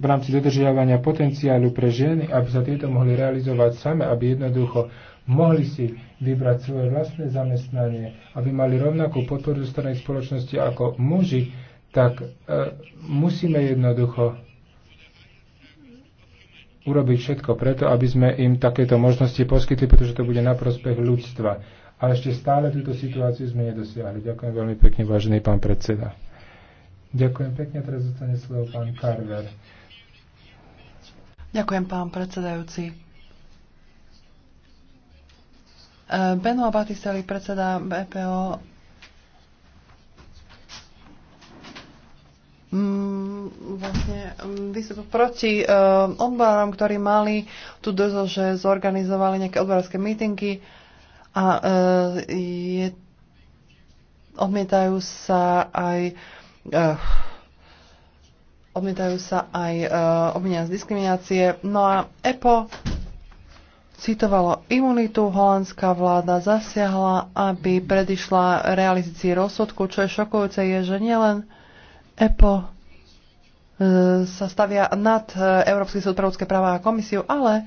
Speaker 2: v rámci dodržiavania potenciálu pre ženy, aby sa tieto mohli realizovať same, aby jednoducho mohli si vybrať svoje vlastné zamestnanie, aby mali rovnakú podporu zo strany spoločnosti ako muži, tak e, musíme jednoducho urobiť všetko preto, aby sme im takéto možnosti poskytli, pretože to bude na prospech ľudstva. A ešte stále túto situáciu sme nedosiahli. Ďakujem veľmi pekne, vážený pán predseda. Ďakujem pekne, teraz zostane slovo pán Carver.
Speaker 1: Ďakujem, pán predsedajúci. Eh, Beno Batisteli, predseda BPO, mm, vlastne mm, vystúpil proti uh, odborárom, ktorí mali tu dozo, že zorganizovali nejaké odborovské mítingy a uh, je, odmietajú sa aj uh, Eh, odmietajú sa aj eh, obvinenia z diskriminácie. No a EPO citovalo imunitu, holandská vláda zasiahla, aby predišla realizácii rozsudku. Čo je šokujúce je, že nielen EPO eh, sa stavia nad Európsky súd pre ľudské práva a komisiu, ale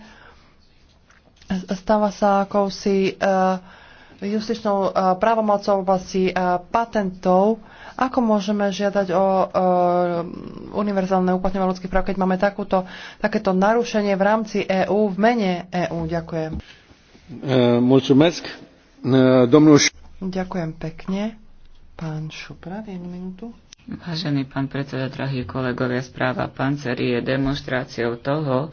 Speaker 1: stáva sa akousi justičnou právomocou v oblasti patentov ako môžeme žiadať o, e, univerzálne uplatňovanie ľudských práv, keď máme takúto, takéto narušenie v rámci EÚ, v mene EÚ? Ďakujem.
Speaker 4: Eh, eh,
Speaker 1: Ďakujem pekne. Pán Šupra, jednu minútu.
Speaker 3: Vážený pán predseda, drahí kolegovia, správa Pancer je demonstráciou toho,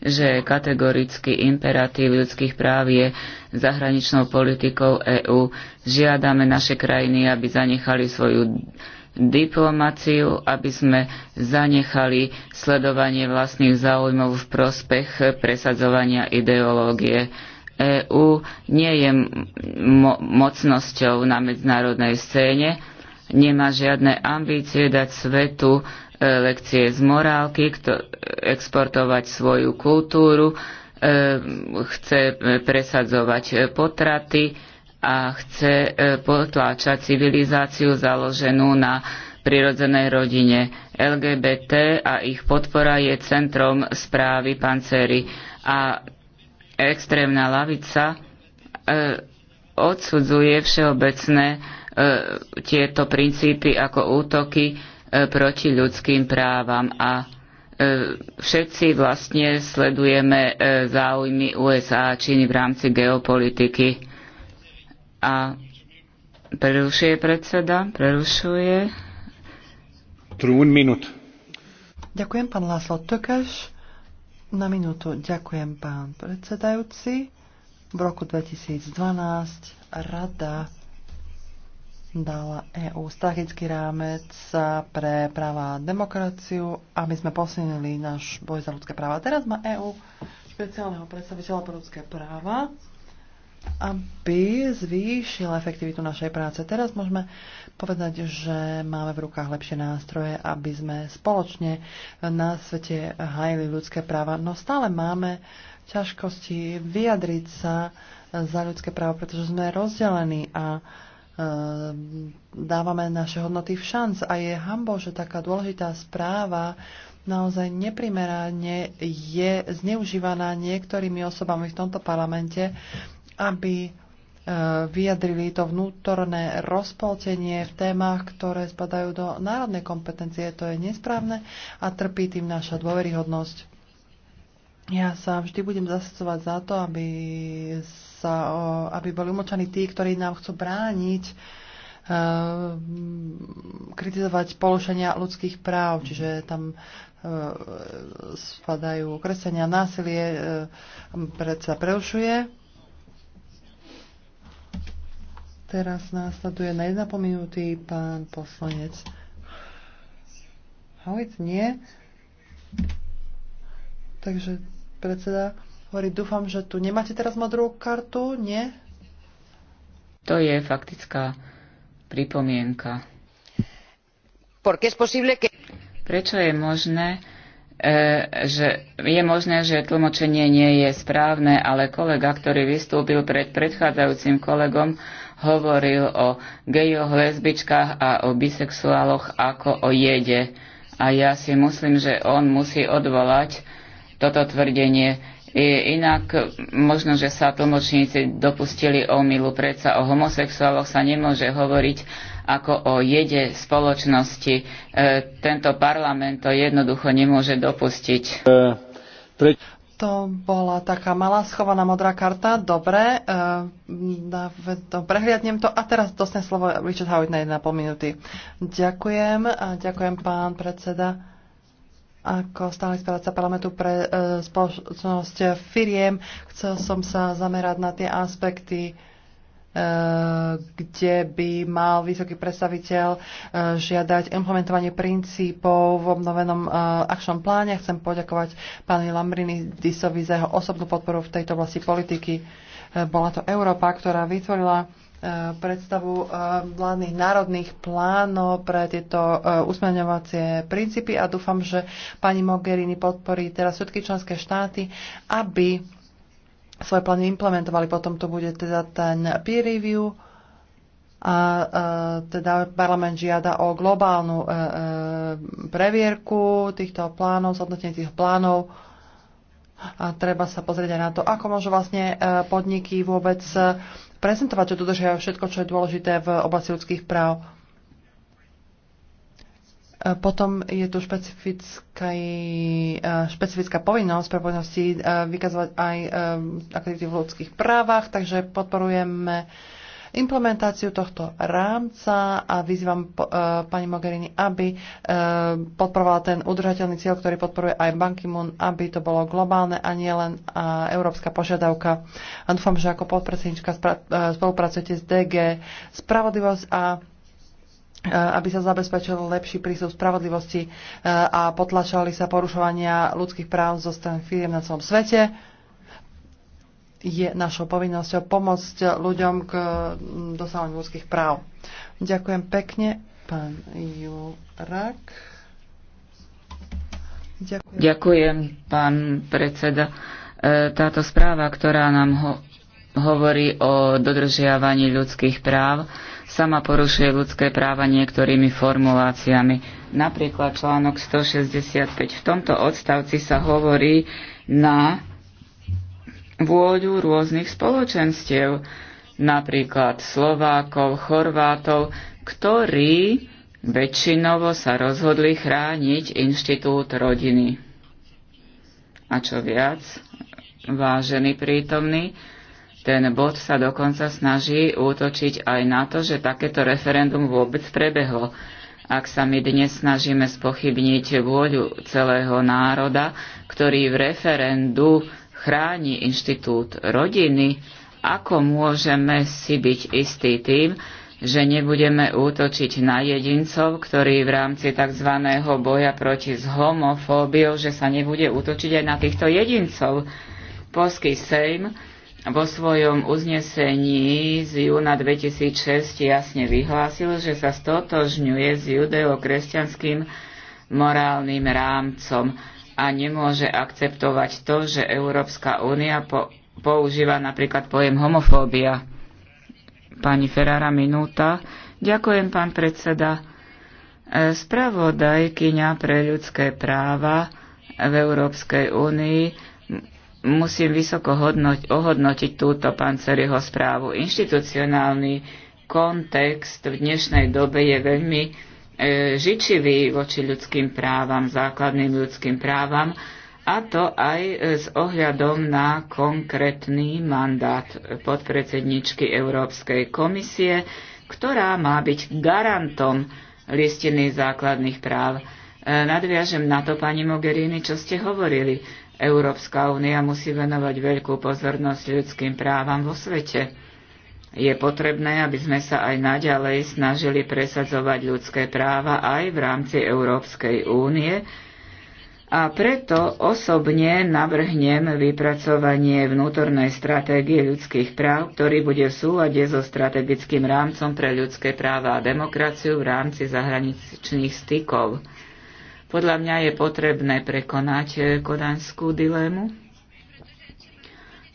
Speaker 3: že kategorický imperatív ľudských práv je zahraničnou politikou EÚ. Žiadame naše krajiny, aby zanechali svoju diplomáciu, aby sme zanechali sledovanie vlastných záujmov v prospech presadzovania ideológie. EÚ nie je mo- mocnosťou na medzinárodnej scéne, nemá žiadne ambície dať svetu E, lekcie z morálky, kto, exportovať svoju kultúru, e, chce e, presadzovať potraty a chce potláčať civilizáciu založenú na prirodzenej rodine. LGBT a ich podpora je centrom správy pancery a extrémna lavica odsudzuje všeobecné tieto princípy ako útoky E, proti ľudským právam a e, všetci vlastne sledujeme e, záujmy USA a Číny v rámci geopolitiky. A prerušuje predseda, prerušuje.
Speaker 2: Trún minút.
Speaker 1: Ďakujem, pán Láslo Tokáš, Na minútu ďakujem, pán predsedajúci. V roku 2012 Rada dala EU strategický rámec pre práva a demokraciu, aby sme posilnili náš boj za ľudské práva. Teraz má EU špeciálneho predstaviteľa pre ľudské práva, aby zvýšil efektivitu našej práce. Teraz môžeme povedať, že máme v rukách lepšie nástroje, aby sme spoločne na svete hajili ľudské práva, no stále máme ťažkosti vyjadriť sa za ľudské právo, pretože sme rozdelení a uh, Ehm, dávame naše hodnoty v šanc. A je hambo, že taká dôležitá správa naozaj neprimerane je zneužívaná niektorými osobami v tomto parlamente, aby e, vyjadrili to vnútorné rozpoltenie v témach, ktoré spadajú do národnej kompetencie. To je nesprávne a trpí tým naša dôveryhodnosť. Ja sa vždy budem zasadzovať za to, aby sa, o, aby boli umočaní tí, ktorí nám chcú brániť e, kritizovať porušenia ľudských práv, čiže tam e, spadajú kresenia, násilie, e, predsa preušuje. Teraz následuje na jedna pominutý pán poslanec. Hovic nie. Takže predseda Hovorí, dúfam, že tu nemáte teraz modrú kartu, nie?
Speaker 3: To je faktická pripomienka. Prečo je možné, e, že je možné, že tlmočenie nie je správne, ale kolega, ktorý vystúpil pred predchádzajúcim kolegom, hovoril o gejoch, lesbičkách a o bisexuáloch ako o jede. A ja si myslím, že on musí odvolať toto tvrdenie Inak možno, že sa tlmočníci dopustili omilu, predsa o homosexuáloch sa nemôže hovoriť ako o jede spoločnosti. E, tento parlament to jednoducho nemôže dopustiť.
Speaker 1: E, to bola taká malá schovaná modrá karta. Dobre, e, to prehliadnem to. A teraz dostane slovo Richard Howard na 1,5 minúty. Ďakujem, a ďakujem pán predseda ako stále správca parlamentu pre e, spoločnosť firiem, chcel som sa zamerať na tie aspekty, e, kde by mal vysoký predstaviteľ e, žiadať implementovanie princípov v obnovenom e, akčnom pláne. Chcem poďakovať pánovi Lambrini Disovi za jeho osobnú podporu v tejto oblasti politiky. E, bola to Európa, ktorá vytvorila predstavu eh, vládnych národných plánov pre tieto eh, usmerňovacie princípy a dúfam, že pani Mogherini podporí teraz všetky členské štáty, aby svoje plány implementovali. Potom to bude teda ten peer review a eh, teda parlament žiada o globálnu previerku týchto plánov, zhodnotenie tých plánov a treba sa pozrieť aj na to, ako môžu vlastne podniky vôbec prezentovať, že dodržiavajú všetko, čo je dôležité v oblasti ľudských práv. E, potom je tu špecifická, e, špecifická povinnosť pre povinnosti e, vykazovať aj aktivity v ľudských právach, takže podporujeme implementáciu tohto rámca a vyzývam e, pani Mogherini, aby e, podporovala ten udržateľný cieľ, ktorý podporuje aj Banky Moon, aby to bolo globálne a nielen e, európska požiadavka. A dúfam, že ako podpredsednička spolupracujete s DG Spravodlivosť a aby sa zabezpečil lepší prístup spravodlivosti a potlačali sa porušovania ľudských práv zo strany firiem na celom svete je našou povinnosťou pomôcť ľuďom k dosahovaniu ľudských práv. Ďakujem pekne, pán Jurak. Ďakujem.
Speaker 3: Ďakujem, pán predseda. E, táto správa, ktorá nám ho, hovorí o dodržiavaní ľudských práv, sama porušuje ľudské práva niektorými formuláciami. Napríklad článok 165. V tomto odstavci sa hovorí na vôľu rôznych spoločenstiev, napríklad Slovákov, Chorvátov, ktorí väčšinovo sa rozhodli chrániť inštitút rodiny. A čo viac, vážený prítomný, ten bod sa dokonca snaží útočiť aj na to, že takéto referendum vôbec prebehlo. Ak sa my dnes snažíme spochybniť vôľu celého národa, ktorý v referendu chráni inštitút rodiny, ako môžeme si byť istí tým, že nebudeme útočiť na jedincov, ktorí v rámci tzv. boja proti s homofóbiou, že sa nebude útočiť aj na týchto jedincov. Polský Sejm vo svojom uznesení z júna 2006 jasne vyhlásil, že sa stotožňuje s judeokresťanským morálnym rámcom a nemôže akceptovať to, že Európska únia po, používa napríklad pojem homofóbia. Pani Ferrara, minúta. Ďakujem, pán predseda. Spravodajkyňa pre ľudské práva v Európskej únii musím vysoko hodnoť, ohodnotiť túto panceriho správu. Inštitucionálny kontext v dnešnej dobe je veľmi E, žičivý voči ľudským právam, základným ľudským právam, a to aj s ohľadom na konkrétny mandát podpredsedničky Európskej komisie, ktorá má byť garantom listiny základných práv. E, nadviažem na to, pani Mogherini, čo ste hovorili. Európska únia musí venovať veľkú pozornosť ľudským právam vo svete je potrebné, aby sme sa aj naďalej snažili presadzovať ľudské práva aj v rámci Európskej únie a preto osobne navrhnem vypracovanie vnútornej stratégie ľudských práv, ktorý bude v súlade so strategickým rámcom pre ľudské práva a demokraciu v rámci zahraničných stykov. Podľa mňa je potrebné prekonať kodanskú dilemu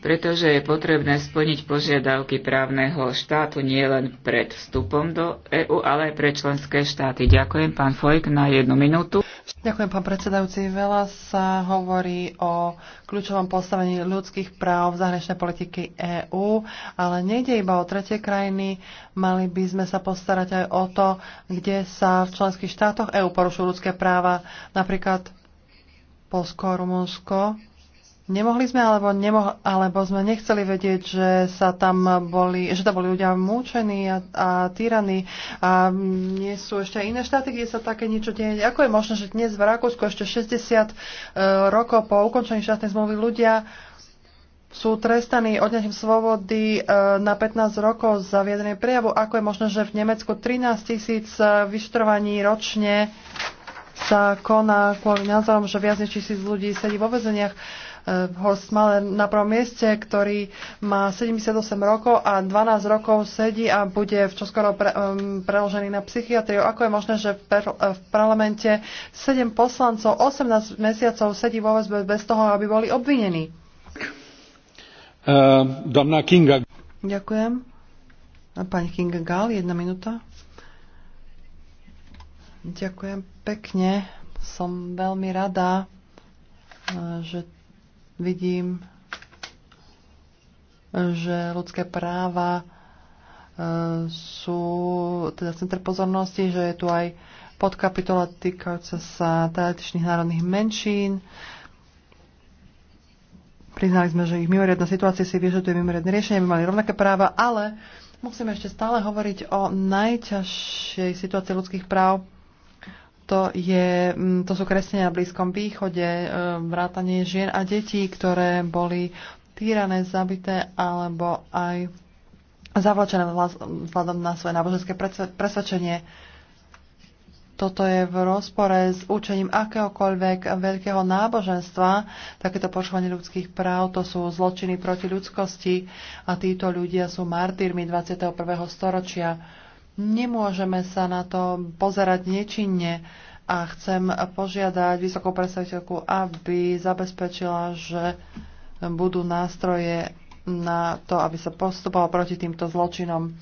Speaker 3: pretože je potrebné splniť požiadavky právneho štátu nielen pred vstupom do EÚ, ale aj pre členské štáty. Ďakujem, pán Fojk, na jednu minútu.
Speaker 1: Ďakujem, pán predsedajúci. Veľa sa hovorí o kľúčovom postavení ľudských práv v zahraničnej politiky EÚ, ale nejde iba o tretie krajiny. Mali by sme sa postarať aj o to, kde sa v členských štátoch EÚ porušujú ľudské práva, napríklad Polsko, Rumunsko, Nemohli sme, alebo, nemoh- alebo sme nechceli vedieť, že sa tam boli, že tam boli ľudia múčení a, a týraní a nie sú ešte iné štáty, kde sa také niečo deje. Ako je možné, že dnes v Rakúsku ešte 60 e, rokov po ukončení štátnej zmluvy ľudia sú trestaní odňatím svobody e, na 15 rokov za viedenie prejavu? Ako je možné, že v Nemecku 13 tisíc e, vyštrovaní ročne sa koná kvôli názorom, že viac než tisíc ľudí sedí vo väzeniach? Horst Mahler na prvom mieste, ktorý má 78 rokov a 12 rokov sedí a bude čoskoro pre, um, preložený na psychiatriu. Ako je možné, že v, per, eh, v parlamente 7 poslancov 18 mesiacov sedí vo väzbe bez toho, aby boli obvinení?
Speaker 4: Uh, Domna Kinga.
Speaker 1: Ďakujem. A pani Kinga Gál, jedna minúta. Ďakujem pekne. Som veľmi rada, eh, že vidím, že ľudské práva e, sú teda centr pozornosti, že je tu aj podkapitola týkajúca sa tradičných národných menšín. Priznali sme, že ich mimoriadná situácia si vyžaduje mimoriadne riešenie, by mali rovnaké práva, ale musíme ešte stále hovoriť o najťažšej situácii ľudských práv to, je, mm, to sú kresťania na Blízkom východe, e, vrátanie žien a detí, ktoré boli týrané, zabité alebo aj zavlačené vzhľadom na svoje náboženské presvedčenie. Toto je v rozpore s učením akéhokoľvek veľkého náboženstva. Takéto počúvanie ľudských práv to sú zločiny proti ľudskosti a títo ľudia sú martýrmi 21. storočia Nemôžeme sa na to pozerať nečinne a chcem požiadať vysokú predstaviteľku, aby zabezpečila, že budú nástroje na to, aby sa postupovalo proti týmto zločinom.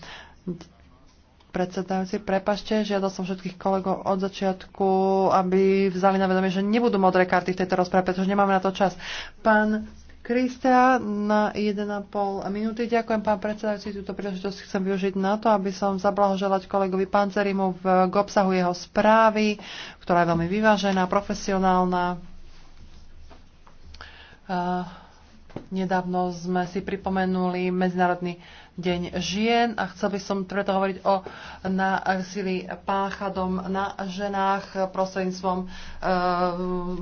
Speaker 1: Predsedajúci, prepašte, žiadal som všetkých kolegov od začiatku, aby vzali na vedomie, že nebudú modré karty v tejto rozprave, pretože nemáme na to čas. Pán Krista na 1,5 minúty. Ďakujem, pán predsedajúci. Túto príležitosť chcem využiť na to, aby som zablahoželať kolegovi Pancerimu v k obsahu jeho správy, ktorá je veľmi vyvážená, profesionálna. Uh, nedávno sme si pripomenuli Medzinárodný deň žien a chcel by som preto hovoriť o násilí páchadom na ženách prostredníctvom uh,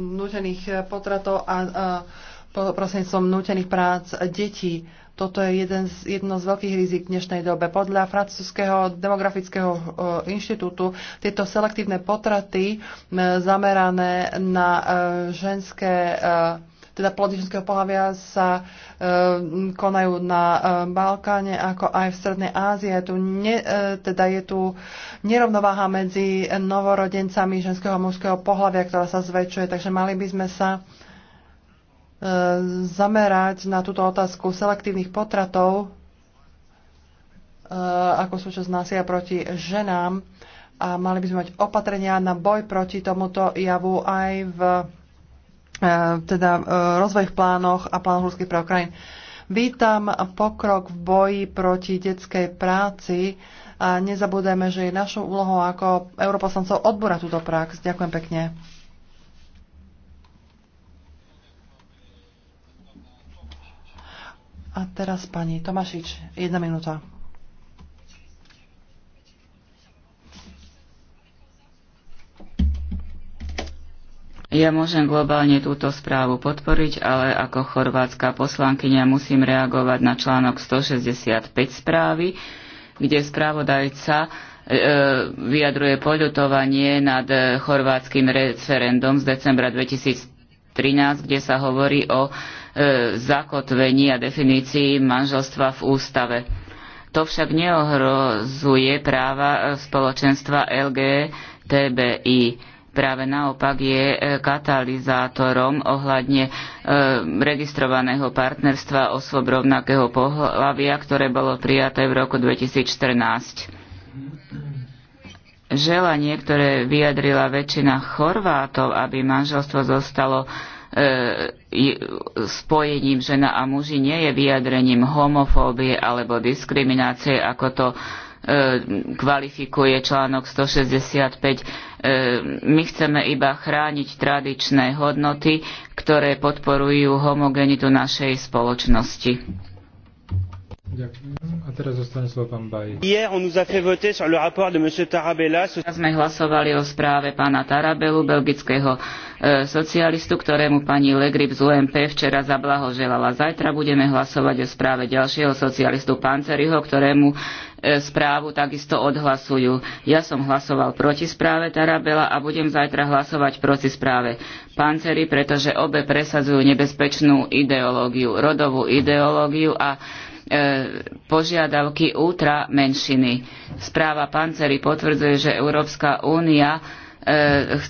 Speaker 1: nutených potratov a uh, prostredníctvom nútených prác detí. Toto je jeden z, jedno z veľkých rizik v dnešnej dobe. Podľa francúzského demografického e, inštitútu tieto selektívne potraty e, zamerané na e, ženské teda plody ženského pohľavia sa e, konajú na e, Balkáne ako aj v Strednej Ázii. Je tu ne, e, teda je tu nerovnováha medzi novorodencami ženského a mužského pohľavia, ktorá sa zväčšuje, takže mali by sme sa E, zamerať na túto otázku selektívnych potratov e, ako súčasť násilia proti ženám a mali by sme mať opatrenia na boj proti tomuto javu aj v e, teda rozvojových plánoch a plánoch ľudských práv krajín. Vítam pokrok v boji proti detskej práci a nezabudeme, že je našou úlohou ako europoslancov odbúrať túto prax. Ďakujem pekne. A teraz pani Tomašič, jedna minúta.
Speaker 3: Ja môžem globálne túto správu podporiť, ale ako chorvátska poslankyňa musím reagovať na článok 165 správy, kde správodajca e, e, vyjadruje poľutovanie nad e, chorvátskym referendum z decembra 2013, kde sa hovorí o E, zakotvení a definícii manželstva v ústave. To však neohrozuje práva e, spoločenstva LGTBI. Práve naopak je e, katalizátorom ohľadne registrovaného partnerstva osôb rovnakého pohľavia, ktoré bolo prijaté v roku 2014. Želanie, ktoré vyjadrila väčšina Chorvátov, aby manželstvo zostalo E, spojením žena a muži nie je vyjadrením homofóbie alebo diskriminácie, ako to e, kvalifikuje článok 165. E, my chceme iba chrániť tradičné hodnoty, ktoré podporujú homogenitu našej spoločnosti.
Speaker 2: Ďakujem. A teraz zostane slovo Tarabella.
Speaker 3: Baj. Sme hlasovali o správe pána Tarabelu, belgického e, socialistu, ktorému pani Legrip z UMP včera zablahoželala. Zajtra budeme hlasovať o správe ďalšieho socialistu Panceriho, ktorému e, správu takisto odhlasujú. Ja som hlasoval proti správe Tarabela a budem zajtra hlasovať proti správe Panceri, pretože obe presadzujú nebezpečnú ideológiu, rodovú ideológiu a E, požiadavky ultra menšiny. Správa Panceri potvrdzuje, že Európska únia e,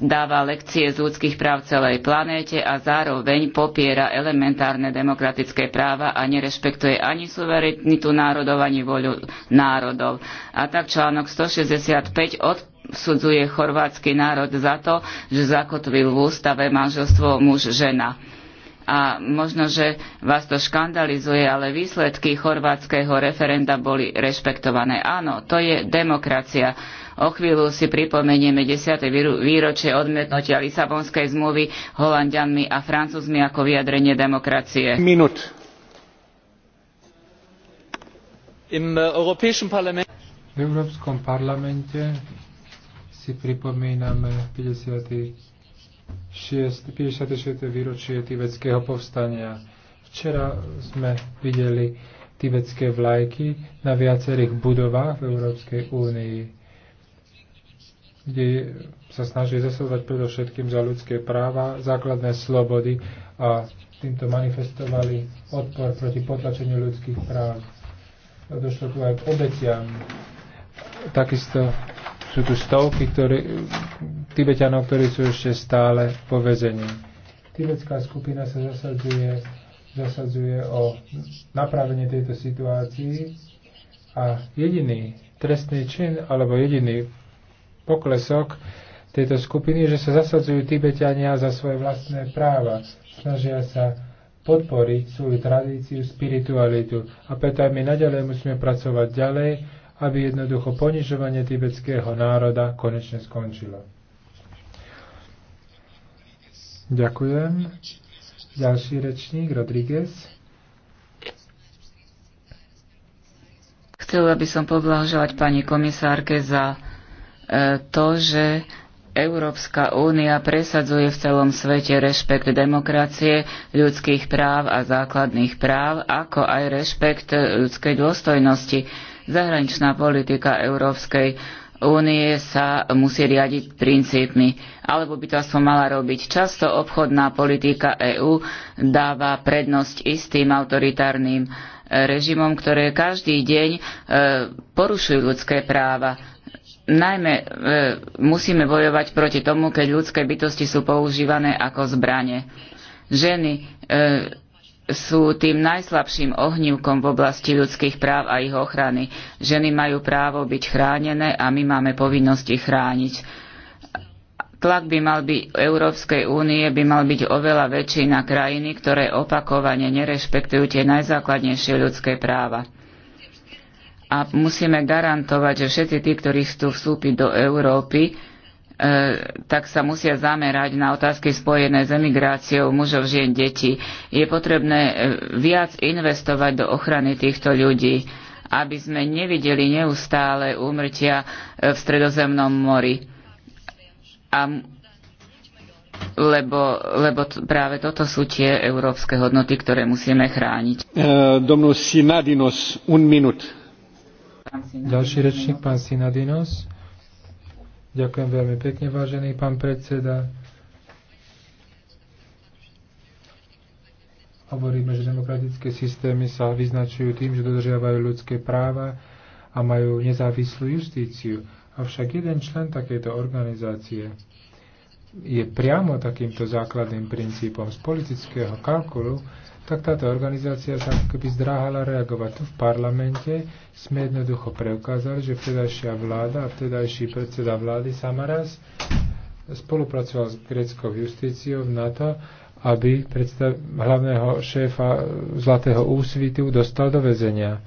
Speaker 3: dáva lekcie z ľudských práv celej planéte a zároveň popiera elementárne demokratické práva a nerešpektuje ani suverenitu národov, ani voľu národov. A tak článok 165 odsudzuje chorvátsky národ za to, že zakotvil v ústave manželstvo muž-žena a možno, že vás to škandalizuje, ale výsledky chorvátskeho referenda boli rešpektované. Áno, to je demokracia. O chvíľu si pripomenieme 10. výročie odmietnutia Lisabonskej zmluvy Holandianmi a Francúzmi ako vyjadrenie demokracie.
Speaker 2: Minút. E, v Európskom parlamente si pripomíname 50. 6, 56. výročie tibetského povstania. Včera sme videli tibetské vlajky na viacerých budovách v Európskej únii, kde sa snaží zasovať predovšetkým za ľudské práva, základné slobody a týmto manifestovali odpor proti potlačeniu ľudských práv. A Došlo tu aj k obetiam. Takisto sú tu stovky, ktoré Tibetanov, ktorí sú ešte stále po vezení. Tibetská skupina sa zasadzuje, zasadzuje o napravenie tejto situácii a jediný trestný čin alebo jediný poklesok tejto skupiny, že sa zasadzujú Tibetania za svoje vlastné práva. Snažia sa podporiť svoju tradíciu, spiritualitu. A preto aj my naďalej musíme pracovať ďalej, aby jednoducho ponižovanie tibetského národa konečne skončilo. Ďakujem. Ďalší rečník, Rodríguez.
Speaker 3: Chcela by som poblahoželať pani komisárke za e, to, že Európska únia presadzuje v celom svete rešpekt demokracie, ľudských práv a základných práv, ako aj rešpekt ľudskej dôstojnosti. Zahraničná politika Európskej únie sa musí riadiť princípmi, alebo by to aspoň mala robiť. Často obchodná politika EÚ dáva prednosť istým autoritárnym e, režimom, ktoré každý deň e, porušujú ľudské práva. Najmä e, musíme bojovať proti tomu, keď ľudské bytosti sú používané ako zbranie. Ženy sú tým najslabším ohnívkom v oblasti ľudských práv a ich ochrany. Ženy majú právo byť chránené a my máme povinnosť chrániť. Tlak by mal byť Európskej únie by mal byť oveľa väčší na krajiny, ktoré opakovane nerešpektujú tie najzákladnejšie ľudské práva. A musíme garantovať, že všetci tí, ktorí chcú vstúpiť do Európy, E, tak sa musia zamerať na otázky spojené s emigráciou mužov, žien, detí. Je potrebné e, viac investovať do ochrany týchto ľudí, aby sme nevideli neustále úmrtia e, v Stredozemnom mori. A lebo, lebo práve toto sú tie európske hodnoty, ktoré musíme chrániť. Domnul Sinadinos, un minút.
Speaker 2: Ďalší rečník, pán Sinadinos. Ďakujem veľmi pekne, vážený pán predseda. Hovoríme, že demokratické systémy sa vyznačujú tým, že dodržiavajú ľudské práva a majú nezávislú justíciu. Avšak jeden člen takejto organizácie je priamo takýmto základným princípom z politického kalkulu tak táto organizácia sa keby zdráhala reagovať. Tu v parlamente sme jednoducho preukázali, že vtedajšia vláda a vtedajší predseda vlády Samaras spolupracoval s greckou justíciou na to, aby predstav- hlavného šéfa Zlatého úsvitu dostal do väzenia.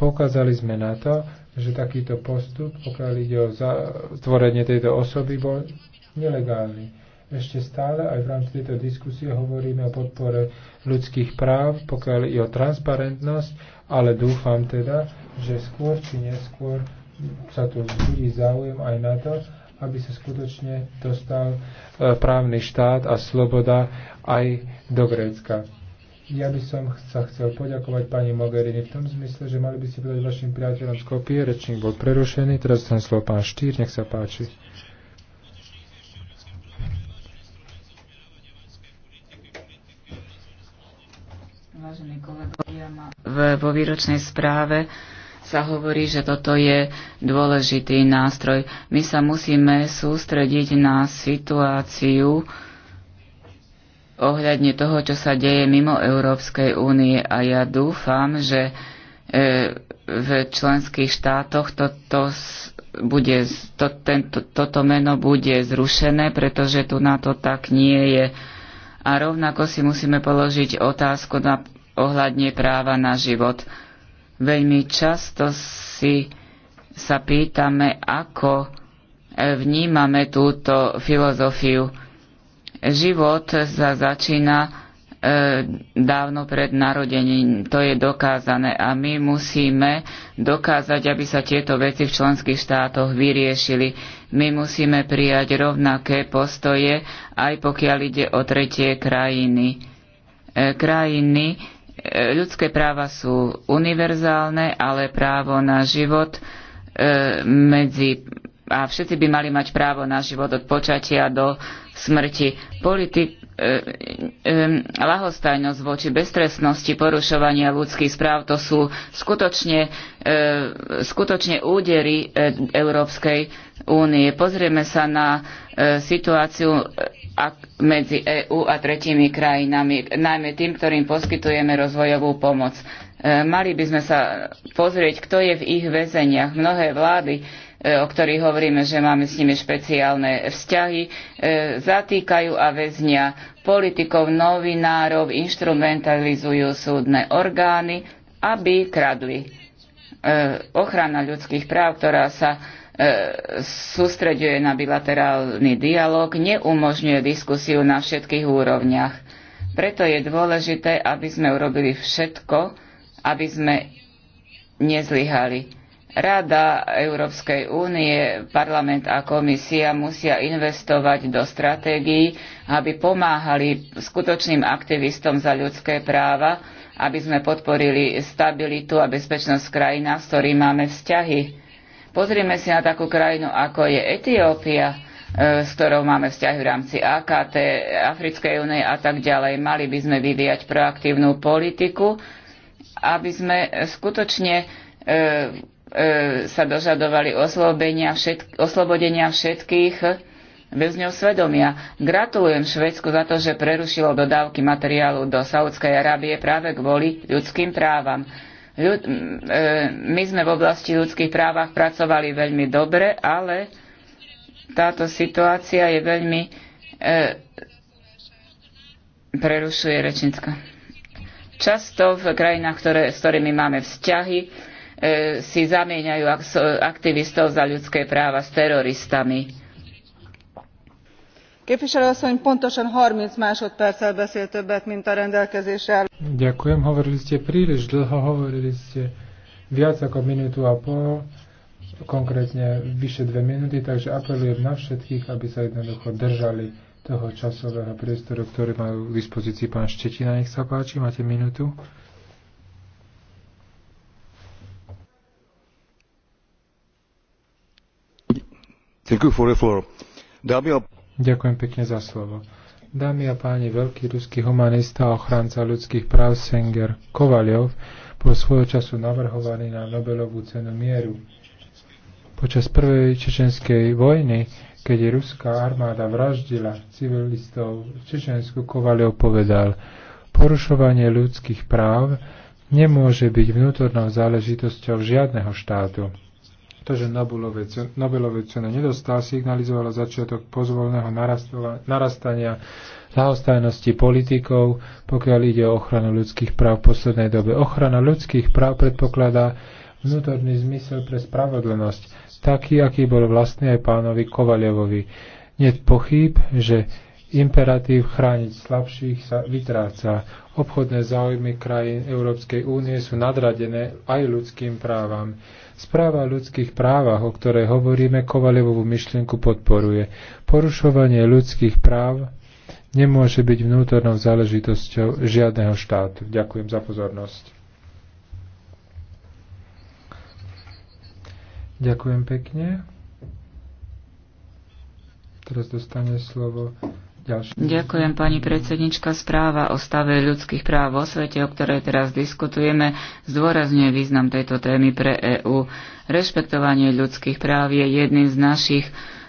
Speaker 2: Poukázali sme na to, že takýto postup, pokiaľ ide o zatvorenie tejto osoby, bol nelegálny. Ešte stále aj v rámci tejto diskusie hovoríme o podpore ľudských práv, pokiaľ i o transparentnosť, ale dúfam teda, že skôr či neskôr sa tu vzbudí záujem aj na to, aby sa skutočne dostal e, právny štát a sloboda aj do Grécka. Ja by som sa chcel poďakovať pani Mogherini v tom zmysle, že mali by ste povedať vašim priateľom z kopie, rečník bol prerušený, teraz ten slovo pán Štýr, nech sa páči.
Speaker 1: vážení kolegovia, vo výročnej
Speaker 3: správe sa hovorí, že toto je dôležitý nástroj. My sa musíme sústrediť na situáciu ohľadne toho, čo sa deje mimo Európskej únie a ja dúfam, že e, v členských štátoch toto bude, to, to, toto meno bude zrušené, pretože tu na to tak nie je. A rovnako si musíme položiť otázku na ohľadne práva na život. Veľmi často si sa pýtame, ako vnímame túto filozofiu. Život sa začína e, dávno pred narodením. To je dokázané a my musíme dokázať, aby sa tieto veci v členských štátoch vyriešili. My musíme prijať rovnaké postoje, aj pokiaľ ide o tretie krajiny. E, krajiny, Ľudské práva sú univerzálne, ale právo na život e, medzi a všetci by mali mať právo na život od počatia do smrti. Politik, lahostajnosť e, e, voči beztrestnosti, porušovania ľudských práv, to sú skutočne, e, skutočne údery Európskej únie. Pozrieme sa na situáciu medzi EÚ a tretími krajinami, najmä tým, ktorým poskytujeme rozvojovú pomoc. Mali by sme sa pozrieť, kto je v ich väzeniach. Mnohé vlády E, o ktorých hovoríme, že máme s nimi špeciálne vzťahy, e, zatýkajú a väznia politikov, novinárov, instrumentalizujú súdne orgány, aby kradli. E, ochrana ľudských práv, ktorá sa sústreďuje na bilaterálny dialog, neumožňuje diskusiu na všetkých úrovniach. Preto je dôležité, aby sme urobili všetko, aby sme nezlyhali Rada Európskej únie, parlament a komisia musia investovať do stratégií, aby pomáhali skutočným aktivistom za ľudské práva, aby sme podporili stabilitu a bezpečnosť krajina, s ktorým máme vzťahy. Pozrime si na takú krajinu, ako je Etiópia, e, s ktorou máme vzťahy v rámci AKT, Africkej únie a tak ďalej. Mali by sme vyvíjať proaktívnu politiku, aby sme skutočne e, E, sa dožadovali oslobodenia, oslobodenia všetkých väzňov svedomia. Gratulujem Švedsku za to, že prerušilo dodávky materiálu do Saudskej Arábie práve kvôli ľudským právam. Ľud- e, my sme v oblasti ľudských právach pracovali veľmi dobre, ale táto situácia je veľmi e, prerušuje rečnická. Často v krajinách, ktoré, s ktorými máme vzťahy, E, si zamieňajú aktivistov za ľudské práva s teroristami.
Speaker 2: Ďakujem, hovorili ste príliš dlho, hovorili ste viac ako minútu a pol, konkrétne vyše dve minúty, takže apelujem na všetkých, aby sa jednoducho držali toho časového priestoru, ktorý majú k dispozícii pán Štetina. Nech sa páči, máte minútu. Ďakujem pekne za slovo. Dámy a páni, veľký ruský humanista a ochranca ľudských práv Senger Kovaliov bol svojho času navrhovaný na Nobelovú cenu mieru. Počas prvej čečenskej vojny, keď ruská armáda vraždila civilistov v Čečensku, Kovaliov povedal, porušovanie ľudských práv nemôže byť vnútornou záležitosťou žiadneho štátu. Takže že Nobelovú cenu nedostal, signalizovala začiatok pozvolného narastania zahostajnosti politikov, pokiaľ ide o ochranu ľudských práv v poslednej dobe. Ochrana ľudských práv predpokladá vnútorný zmysel pre spravodlnosť, taký, aký bol vlastný aj pánovi Kovaliovovi. Nie pochyb, že Imperatív chrániť slabších sa vytráca. Obchodné záujmy krajín Európskej únie sú nadradené aj ľudským právam. Správa o ľudských právach, o ktorej hovoríme, Kovalevovú myšlienku podporuje. Porušovanie ľudských práv nemôže byť vnútornou záležitosťou žiadneho štátu. Ďakujem za pozornosť. Ďakujem pekne. Teraz dostane slovo Ďalšie. Ďakujem, pani
Speaker 3: predsednička. Správa o stave ľudských práv vo svete, o ktorej teraz diskutujeme, zdôrazňuje význam tejto témy pre EÚ. Rešpektovanie ľudských práv je jedným z našich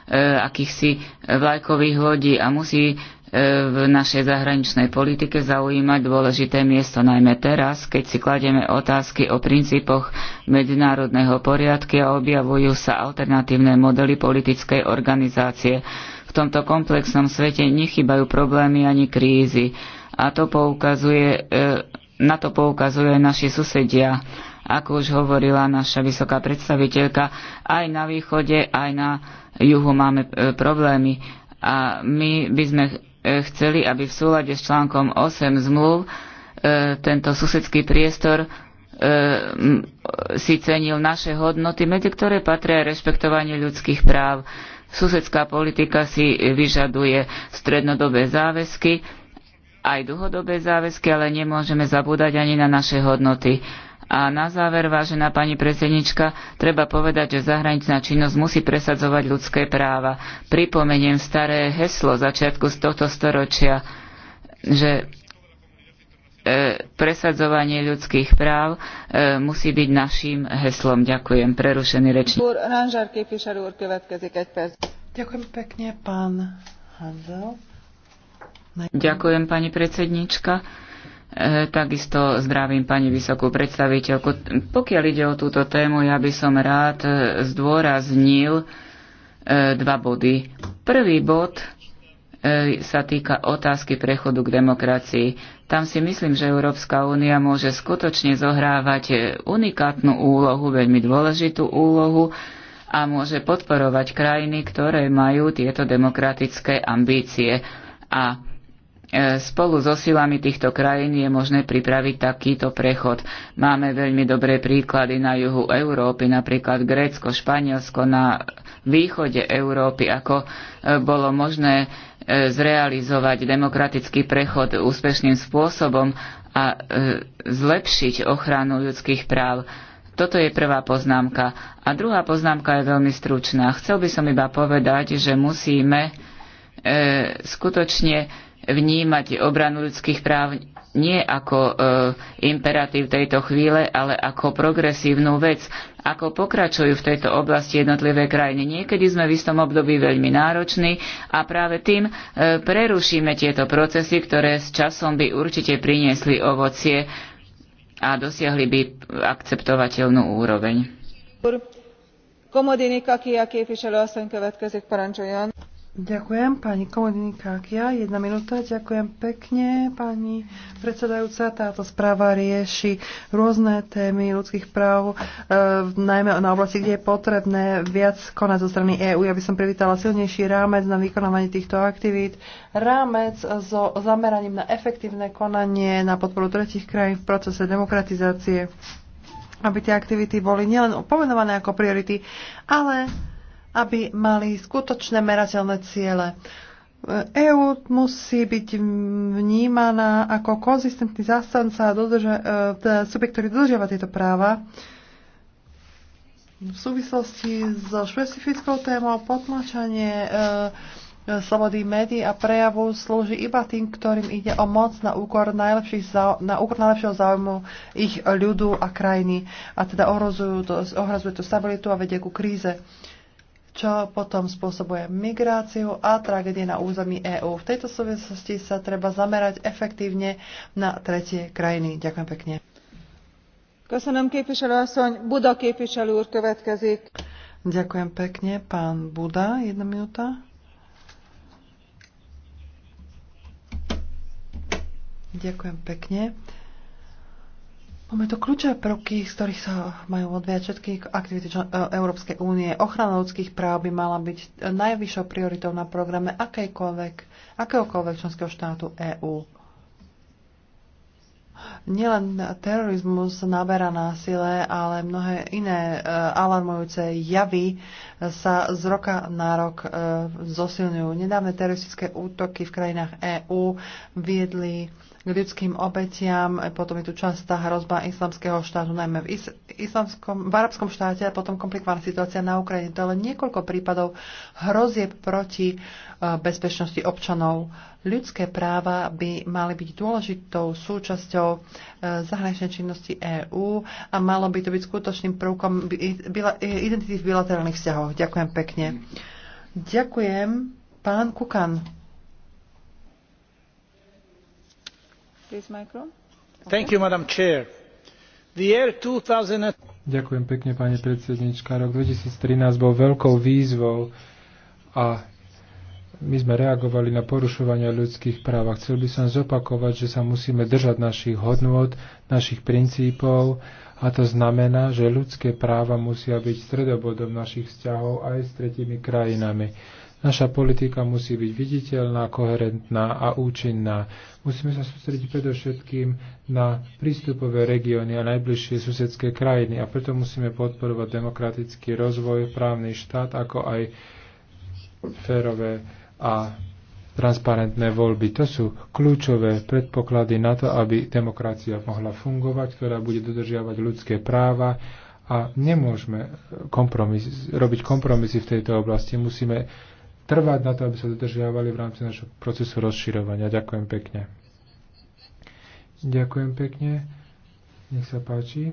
Speaker 3: e, akýchsi vlajkových lodí a musí e, v našej zahraničnej politike zaujímať dôležité miesto, najmä teraz, keď si kladieme otázky o princípoch medzinárodného poriadky a objavujú sa alternatívne modely politickej organizácie v tomto komplexnom svete nechybajú problémy ani krízy. A to poukazuje, e, na to poukazujú aj naši susedia. Ako už hovorila naša vysoká predstaviteľka, aj na východe, aj na juhu máme e, problémy. A my by sme chceli, aby v súlade s článkom 8 zmluv e, tento susedský priestor si cenil naše hodnoty, medzi ktoré patria rešpektovanie ľudských práv. Susedská politika si vyžaduje strednodobé záväzky, aj dlhodobé záväzky, ale nemôžeme zabúdať ani na naše hodnoty. A na záver, vážená pani predsednička, treba povedať, že zahraničná činnosť musí presadzovať ľudské práva. Pripomeniem staré heslo začiatku z tohto storočia, že E, presadzovanie ľudských práv e, musí byť naším heslom. Ďakujem. Prerušený rečník.
Speaker 1: Ďakujem pekne, pán Hanzel.
Speaker 3: Ďakujem, pani predsednička. E, takisto zdravím pani vysokú predstaviteľku. Pokiaľ ide o túto tému, ja by som rád zdôraznil dva body. Prvý bod E, sa týka otázky prechodu k demokracii. Tam si myslím, že Európska únia môže skutočne zohrávať unikátnu úlohu, veľmi dôležitú úlohu a môže podporovať krajiny, ktoré majú tieto demokratické ambície. A e, spolu so silami týchto krajín je možné pripraviť takýto prechod. Máme veľmi dobré príklady na juhu Európy, napríklad Grécko, Španielsko, na východe Európy, ako e, bolo možné E, zrealizovať demokratický prechod úspešným spôsobom a e, zlepšiť ochranu ľudských práv. Toto je prvá poznámka. A druhá poznámka je veľmi stručná. Chcel by som iba povedať, že musíme e, skutočne vnímať obranu ľudských práv nie ako e, imperatív tejto chvíle, ale ako progresívnu vec, ako pokračujú v tejto oblasti jednotlivé krajiny. Niekedy sme v istom období veľmi nároční a práve tým e, prerušíme tieto procesy, ktoré s časom by určite priniesli ovocie a dosiahli by akceptovateľnú úroveň.
Speaker 1: Ďakujem pani Komodinika Akia. Jedna minúta. Ďakujem pekne pani predsedajúca. Táto správa rieši rôzne témy ľudských práv, e, najmä na oblasti, kde je potrebné viac konať zo strany EÚ. Ja by som privítala silnejší rámec na vykonávanie týchto aktivít. Rámec so zameraním na efektívne konanie na podporu tretich krajín v procese demokratizácie aby tie aktivity boli nielen opomenované ako priority, ale aby mali skutočné merateľné ciele. EÚ e musí byť vnímaná ako konzistentný zastanca a dodrža- e, teda subjekt, ktorý dodržiava tieto práva. V súvislosti so špecifickou témou potlačanie e, slobody médií a prejavu slúži iba tým, ktorým ide o moc na úkor, na úkor najlepšieho záujmu ich ľudu a krajiny. A teda ohrozujú to, ohrozuje to stabilitu a vedie ku kríze. E, čo potom spôsobuje migráciu a tragédie na území EÚ. V tejto súvislosti sa treba zamerať efektívne na tretie krajiny. Ďakujem pekne.
Speaker 4: Köszönöm, képviselő képviselő asszony. Buda úr következik.
Speaker 1: Ďakujem pekne. Pán Buda, jedna minúta. Ďakujem pekne. Máme tu kľúčové prvky, z ktorých sa majú odviať všetky aktivity e, Európskej únie. Ochrana ľudských práv by mala byť e, najvyššou prioritou na programe akejkoľvek, akéhokoľvek členského štátu EÚ. Nielen terorizmus naberá na sile, ale mnohé iné e, alarmujúce javy sa z roka na rok zosilňujú. Nedávne teroristické útoky v krajinách EÚ viedli k ľudským obetiam, e, potom je tu častá hrozba islamského štátu, najmä v, is- islamskom, v arabskom štáte a potom komplikovaná situácia na Ukrajine. To je len niekoľko prípadov hrozieb proti e, bezpečnosti občanov. Ľudské práva by mali byť dôležitou súčasťou e, zahraničnej činnosti EÚ a malo by to byť skutočným prvkom identity v bilaterálnych vzťahoch. Ďakujem pekne. Mm. Ďakujem. Pán Kukan.
Speaker 3: You,
Speaker 4: and...
Speaker 2: Ďakujem pekne, pani predsednička. Rok 2013 bol veľkou výzvou a my sme reagovali na porušovania ľudských práv. A chcel by som zopakovať, že sa musíme držať našich hodnôt, našich princípov a to znamená, že ľudské práva musia byť stredobodom našich vzťahov aj s tretimi krajinami. Naša politika musí byť viditeľná, koherentná a účinná. Musíme sa sústrediť predovšetkým na prístupové regióny a najbližšie susedské krajiny a preto musíme podporovať demokratický rozvoj, právny štát, ako aj férové a transparentné voľby. To sú kľúčové predpoklady na to, aby demokracia mohla fungovať, ktorá bude dodržiavať ľudské práva a nemôžeme kompromis, robiť kompromisy v tejto oblasti. Musíme trvať na to, aby sa dodržiavali v rámci našho procesu rozširovania. Ďakujem pekne. Ďakujem pekne. Nech sa páči,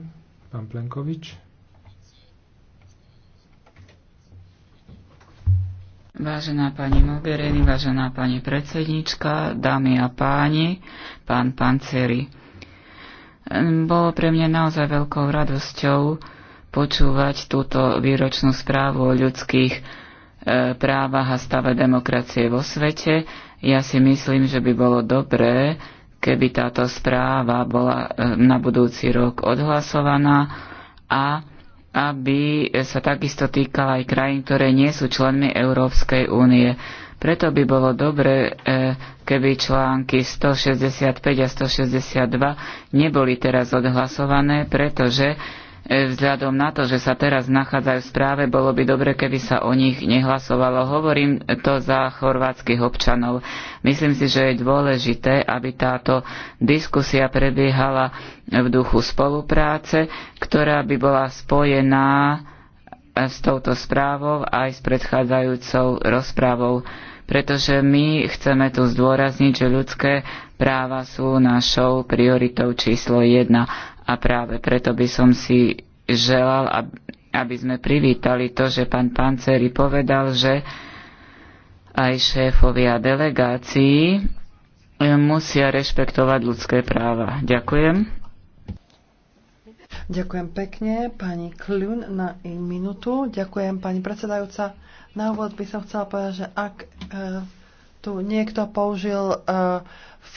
Speaker 2: pán Plenkovič.
Speaker 3: Vážená pani Mogherini, vážená pani predsednička, dámy a páni, pán Panceri. Bolo pre mňa naozaj veľkou radosťou počúvať túto výročnú správu o ľudských E, práva a stave demokracie vo svete. Ja si myslím, že by bolo dobré, keby táto správa bola e, na budúci rok odhlasovaná a aby sa takisto týkala aj krajín, ktoré nie sú členmi Európskej únie. Preto by bolo dobre, e, keby články 165 a 162 neboli teraz odhlasované, pretože Vzhľadom na to, že sa teraz nachádzajú v správe, bolo by dobre, keby sa o nich nehlasovalo. Hovorím to za chorvátskych občanov. Myslím si, že je dôležité, aby táto diskusia prebiehala v duchu spolupráce, ktorá by bola spojená eh, s touto správou aj s predchádzajúcou rozprávou pretože my chceme tu zdôrazniť, že ľudské práva sú našou prioritou číslo jedna a práve preto by som si želal, aby sme privítali to, že pán Panceri povedal, že aj šéfovia delegácií musia rešpektovať ľudské práva. Ďakujem.
Speaker 1: Ďakujem pekne, pani Kľun, na minútu. Ďakujem, pani predsedajúca. Na úvod by som chcela povedať, že ak e, tu niekto použil e,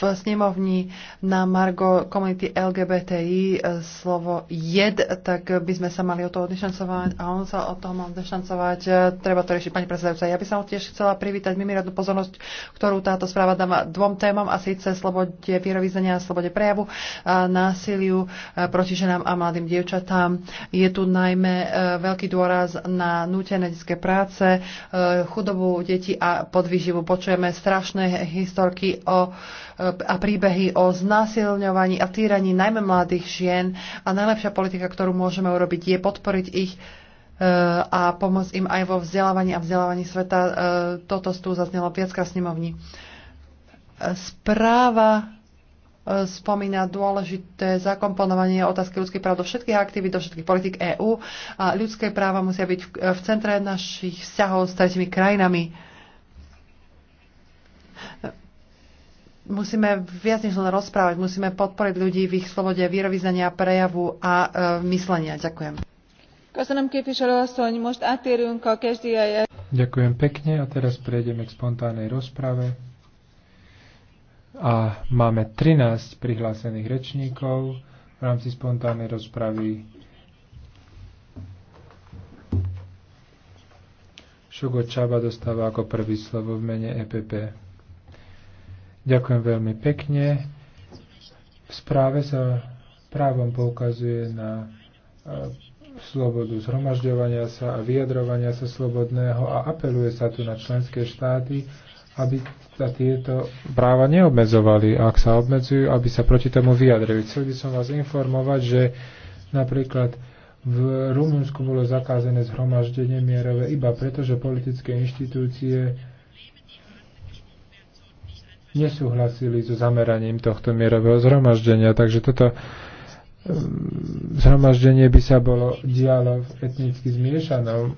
Speaker 1: v snemovni na Margo komunity LGBTI e, slovo jed, tak by sme sa mali o to odnešancovať a on sa o tom mal odnešancovať. E, treba to riešiť, pani predsedajúca. Ja by som tiež chcela privítať mimoriadnu pozornosť, ktorú táto správa dáva dvom témam a síce slobode vierovýznania a slobode prejavu a násiliu e, proti ženám a mladým dievčatám. Je tu najmä veľký dôraz na nutené detské práce, chudobu detí a podvýživu. Počujeme strašné historky o E, a príbehy o znásilňovaní a týraní najmä mladých žien a najlepšia politika, ktorú môžeme urobiť, je podporiť ich e, a pomôcť im aj vo vzdelávaní a vzdelávaní sveta. E, toto tu zaznelo viackrát snemovní. Správa spomína dôležité zakomponovanie otázky ľudských práv do všetkých aktivít, do všetkých politik EÚ a ľudské práva musia byť v centre našich vzťahov s tretimi krajinami musíme viac než len rozprávať, musíme podporiť ľudí v ich slobode vyrovizania, prejavu a e, myslenia. Ďakujem.
Speaker 2: Ďakujem pekne a teraz prejdeme k spontánnej rozprave. A máme 13 prihlásených rečníkov v rámci spontánnej rozpravy. Šugo Čaba dostáva ako prvý slovo v mene EPP. Ďakujem veľmi pekne. V správe sa právom poukazuje na e, slobodu zhromažďovania sa a vyjadrovania sa slobodného a apeluje sa tu na členské štáty, aby sa tieto práva neobmedzovali. Ak sa obmedzujú, aby sa proti tomu vyjadrili. Chcel by som vás informovať, že napríklad v Rumunsku bolo zakázané zhromaždenie mierové iba preto, že politické inštitúcie nesúhlasili so zameraním tohto mierového zhromaždenia. Takže toto ehm, zhromaždenie by sa bolo dialo v etnicky zmiešanom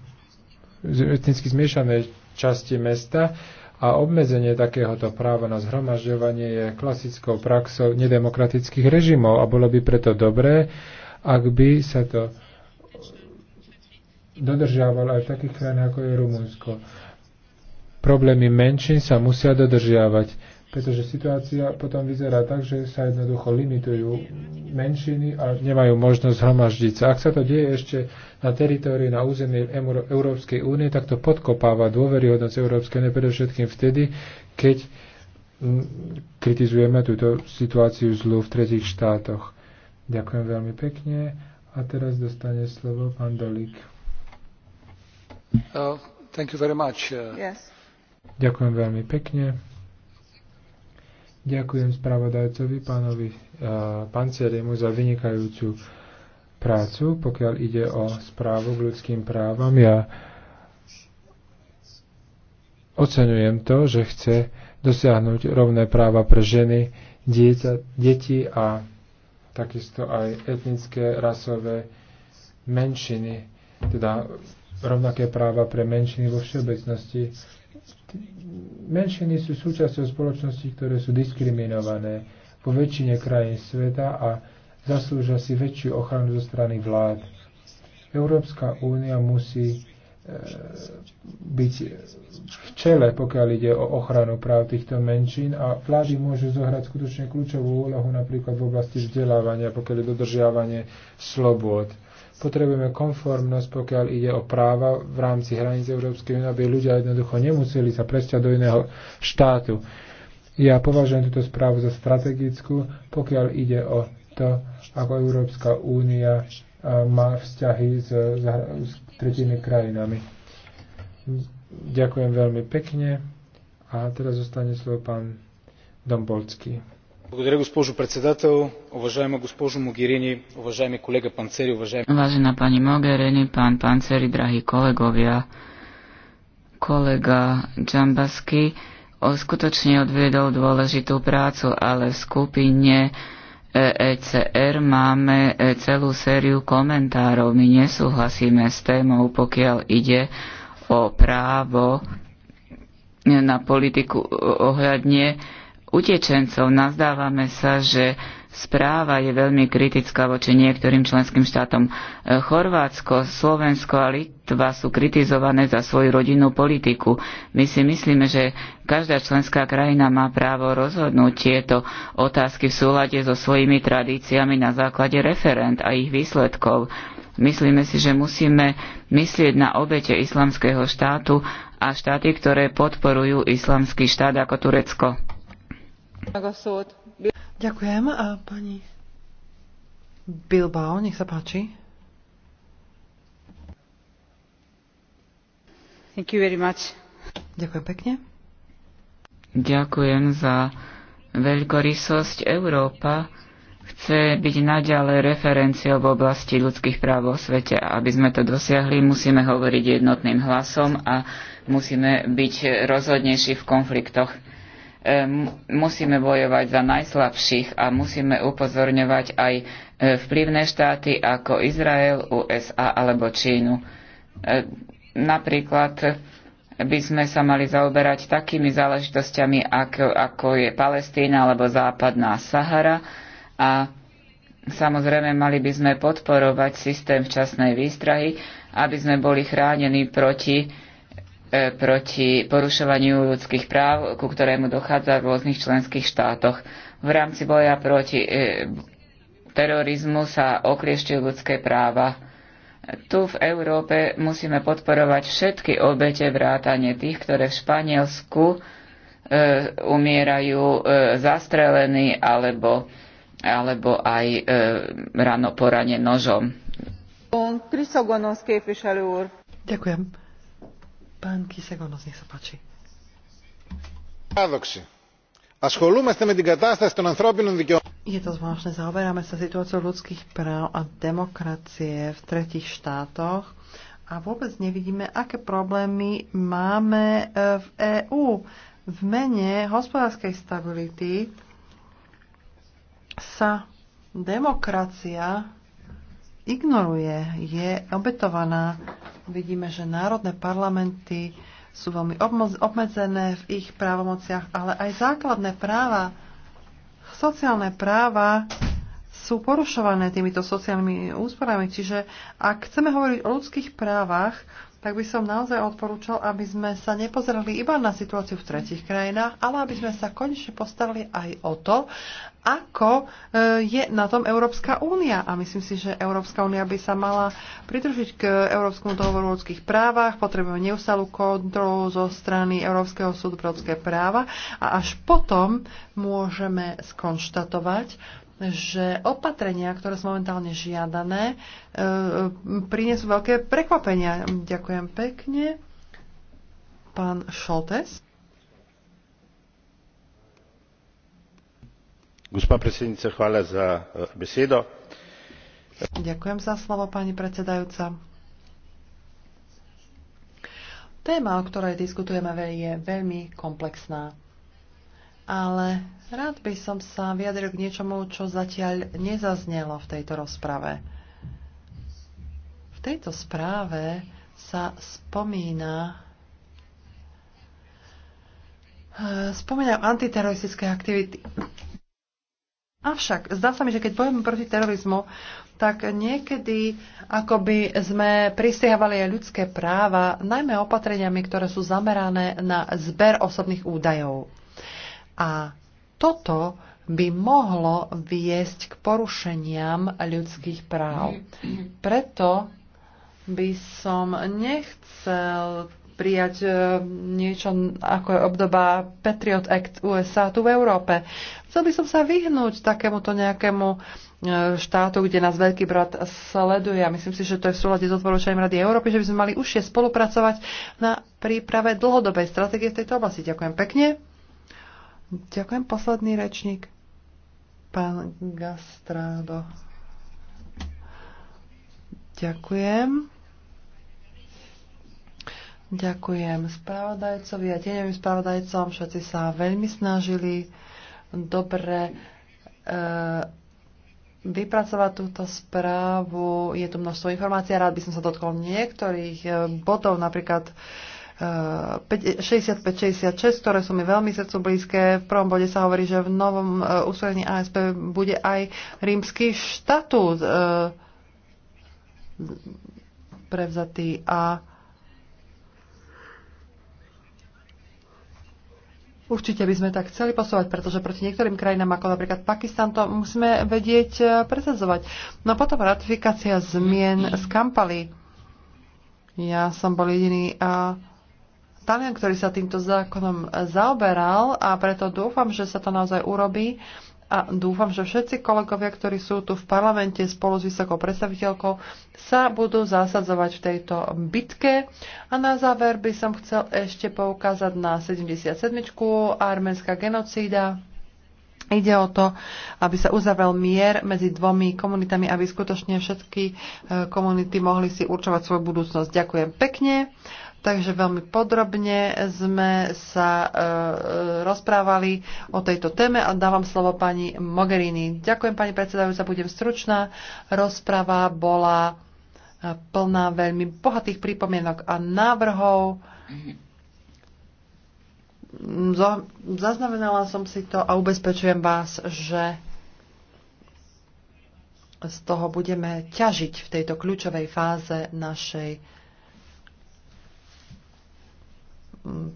Speaker 2: etnicky zmiešanej časti mesta a obmedzenie takéhoto práva na zhromažďovanie je klasickou praxou nedemokratických režimov a bolo by preto dobré, ak by sa to dodržiavalo aj v takých krajinách ako je Rumunsko. Problémy menšín sa musia dodržiavať pretože situácia potom vyzerá tak, že sa jednoducho limitujú menšiny a nemajú možnosť zhromaždiť sa. Ak sa to deje ešte na teritórii, na území Európskej únie, tak to podkopáva dôveryhodnosť Európskej únie, predovšetkým vtedy, keď mm, kritizujeme túto situáciu zlu v tretich štátoch. Ďakujem veľmi pekne a teraz dostane slovo pán Dolík. Uh, thank you very much. Uh, yes. Ďakujem veľmi pekne. Ďakujem spravodajcovi pánovi eh, Panceriemu za vynikajúcu prácu, pokiaľ ide o správu k ľudským právam. Ja oceňujem to, že chce dosiahnuť rovné práva pre ženy, dieťa, deti a takisto aj etnické, rasové menšiny, teda rovnaké práva pre menšiny vo všeobecnosti menšiny sú súčasťou spoločnosti, ktoré sú diskriminované po väčšine krajín sveta a zaslúžia si väčšiu ochranu zo strany vlád. Európska únia musí e, byť v čele, pokiaľ ide o ochranu práv týchto menšín a vlády môžu zohrať skutočne kľúčovú úlohu napríklad v oblasti vzdelávania, pokiaľ je dodržiavanie slobod. Potrebujeme konformnosť, pokiaľ ide o práva v rámci hraníc Európskej únie, aby ľudia jednoducho nemuseli sa presťať do iného štátu. Ja považujem túto správu za strategickú, pokiaľ ide o to, ako Európska únia má vzťahy s, s tretími krajinami. Ďakujem veľmi pekne a teraz zostane slovo pán Dombolský. Vážená
Speaker 3: pani Mogherini, pán Panceri, drahí kolegovia, kolega Džambasky skutočne odviedol dôležitú prácu, ale v skupine ECR e máme celú sériu komentárov. My nesúhlasíme s témou, pokiaľ ide o právo na politiku ohľadne utečencov. Nazdávame sa, že správa je veľmi kritická voči niektorým členským štátom. E, Chorvátsko, Slovensko a Litva sú kritizované za svoju rodinnú politiku. My si myslíme, že každá členská krajina má právo rozhodnúť tieto otázky v súlade so svojimi tradíciami na základe referent a ich výsledkov. Myslíme si, že musíme myslieť na obete islamského štátu a štáty, ktoré podporujú islamský štát ako Turecko.
Speaker 1: Ďakujem. A pani Bilbao, nech sa páči. Thank you very much. Ďakujem pekne.
Speaker 3: Ďakujem za veľkorysosť. Európa chce byť naďalej referenciou v oblasti ľudských práv vo svete. aby sme to dosiahli, musíme hovoriť jednotným hlasom a musíme byť rozhodnejší v konfliktoch musíme bojovať za najslabších a musíme upozorňovať aj e, vplyvné štáty ako Izrael, USA alebo Čínu. E, napríklad by sme sa mali zaoberať takými záležitosťami, ako, ako je Palestína alebo západná Sahara a Samozrejme, mali by sme podporovať systém včasnej výstrahy, aby sme boli chránení proti E, proti porušovaniu ľudských práv, ku ktorému dochádza v rôznych členských štátoch. V rámci boja proti e, terorizmu sa okliešťujú ľudské práva. Tu v Európe musíme podporovať všetky obete vrátane tých, ktoré v Španielsku e, umierajú e, zastrelení alebo, alebo aj e, rano porane nožom.
Speaker 1: Ďakujem. Pán Kisegonos, nech sa páči. Je to zvláštne, zaoberáme sa situáciou ľudských práv a demokracie v tretich štátoch a vôbec nevidíme, aké problémy máme e, v EÚ. V mene hospodárskej stability sa demokracia ignoruje, je obetovaná. Vidíme, že národné parlamenty sú veľmi obmedzené v ich právomociach, ale aj základné práva, sociálne práva sú porušované týmito sociálnymi úsporami. Čiže ak chceme hovoriť o ľudských právach, tak by som naozaj odporúčal, aby sme sa nepozerali iba na situáciu v tretich krajinách, ale aby sme sa konečne postarali aj o to, ako e, je na tom Európska únia. A myslím si, že Európska únia by sa mala pridružiť k Európskemu dohovoru o ľudských právach, potrebujeme neustalú kontrolu zo strany Európskeho súdu pre ľudské práva a až potom môžeme skonštatovať, že opatrenia, ktoré sú momentálne žiadané, e, e, prinesú veľké prekvapenia. Ďakujem pekne. Pán Šoltes.
Speaker 2: Gospa predsednica, hvala za e, besedo.
Speaker 1: Ďakujem za slovo, pani predsedajúca. Téma, o ktorej diskutujeme, je veľmi komplexná. Ale Rád by som sa vyjadril k niečomu, čo zatiaľ nezaznelo v tejto rozprave. V tejto správe sa spomína spomínajú antiteroristické aktivity. Avšak zdá sa mi, že keď bojujeme proti terorizmu, tak niekedy akoby sme pristiehavali aj ľudské práva, najmä opatreniami, ktoré sú zamerané na zber osobných údajov. A toto by mohlo viesť k porušeniam ľudských práv. Preto by som nechcel prijať e, niečo ako je obdoba Patriot Act USA tu v Európe. Chcel by som sa vyhnúť takémuto nejakému e, štátu, kde nás Veľký brat sleduje. A myslím si, že to je v súlade s odporúčaním Rady Európy, že by sme mali užšie spolupracovať na príprave dlhodobej stratégie v tejto oblasti. Ďakujem pekne. Ďakujem. Posledný rečník, pán Gastrádo. Ďakujem. Ďakujem spravodajcovi a tieňovým spravodajcom. Všetci sa veľmi snažili dobre e, vypracovať túto správu. Je tu množstvo informácií a rád by som sa dotkol niektorých eh, bodov, napríklad e, 65-66, eh, ktoré sú mi veľmi srdcu blízke. V prvom bode sa hovorí, že v novom úsledení eh, ASP bude aj rímsky štatút eh, prevzatý a Určite by sme tak chceli posúvať, pretože proti niektorým krajinám, ako napríklad Pakistan, to musíme vedieť presadzovať. No potom ratifikácia zmien z Kampaly. Ja som bol jediný uh, Talian, ktorý sa týmto zákonom e, zaoberal a preto dúfam, že sa to naozaj urobí a dúfam, že všetci kolegovia, ktorí sú tu v parlamente spolu s vysokou predstaviteľkou, sa budú zasadzovať v tejto bitke. A na záver by som chcel ešte poukázať na 77. arménska genocída. Ide o to, aby sa uzavrel mier medzi dvomi komunitami, aby skutočne všetky e, komunity mohli si určovať svoju budúcnosť. Ďakujem pekne. Takže veľmi podrobne sme sa e, e, rozprávali o tejto téme a dávam slovo pani Mogherini. Ďakujem pani predsedajúca, budem stručná. Rozprava bola e, plná veľmi bohatých pripomienok a návrhov. Zaznamenala som si to a ubezpečujem vás, že z toho budeme ťažiť v tejto kľúčovej fáze našej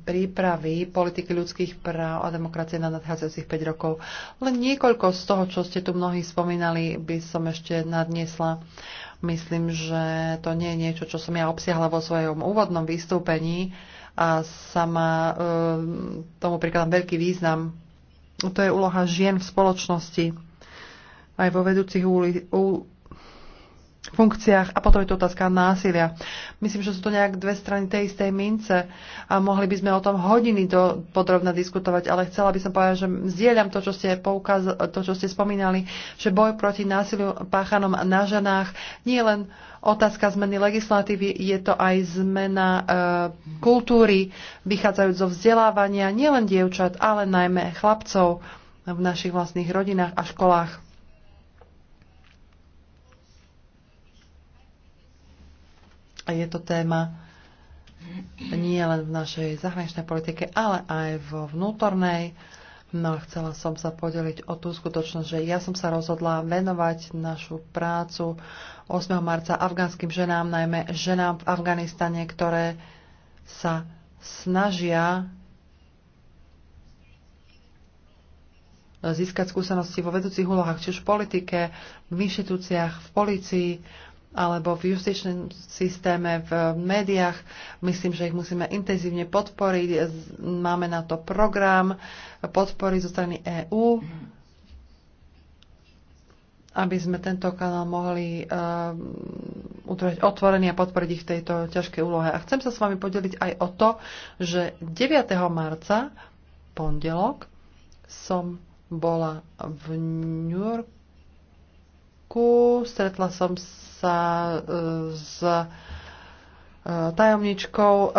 Speaker 1: prípravy politiky ľudských práv a demokracie na nadchádzajúcich 5 rokov. Len niekoľko z toho, čo ste tu mnohí spomínali, by som ešte nadniesla. Myslím, že to nie je niečo, čo som ja obsiahla vo svojom úvodnom vystúpení a sama e, tomu prikladám veľký význam. To je úloha žien v spoločnosti aj vo vedúcich úli, funkciách a potom je to otázka násilia. Myslím, že sú to nejak dve strany tej istej mince a mohli by sme o tom hodiny do podrobne diskutovať, ale chcela by som povedať, že zdieľam to, čo ste, poukaz, to, čo ste spomínali, že boj proti násiliu páchanom na ženách nie je len otázka zmeny legislatívy, je to aj zmena e, kultúry, vychádzajúc zo vzdelávania nielen dievčat, ale najmä chlapcov v našich vlastných rodinách a školách. A je to téma nie len v našej zahraničnej politike, ale aj vo vnútornej. No, chcela som sa podeliť o tú skutočnosť, že ja som sa rozhodla venovať našu prácu 8. marca afgánskym ženám, najmä ženám v Afganistane, ktoré sa snažia získať skúsenosti vo vedúcich úlohách, či už v politike, v inštitúciách, v policii, alebo v justičnom systéme, v médiách. Myslím, že ich musíme intenzívne podporiť. Máme na to program podpory zo strany EÚ, aby sme tento kanál mohli uh, ehm, udržať otvorený a podporiť ich v tejto ťažkej úlohe. A chcem sa s vami podeliť aj o to, že 9. marca, pondelok, som bola v New Yorku, stretla som sa e, s e, tajomničkou e,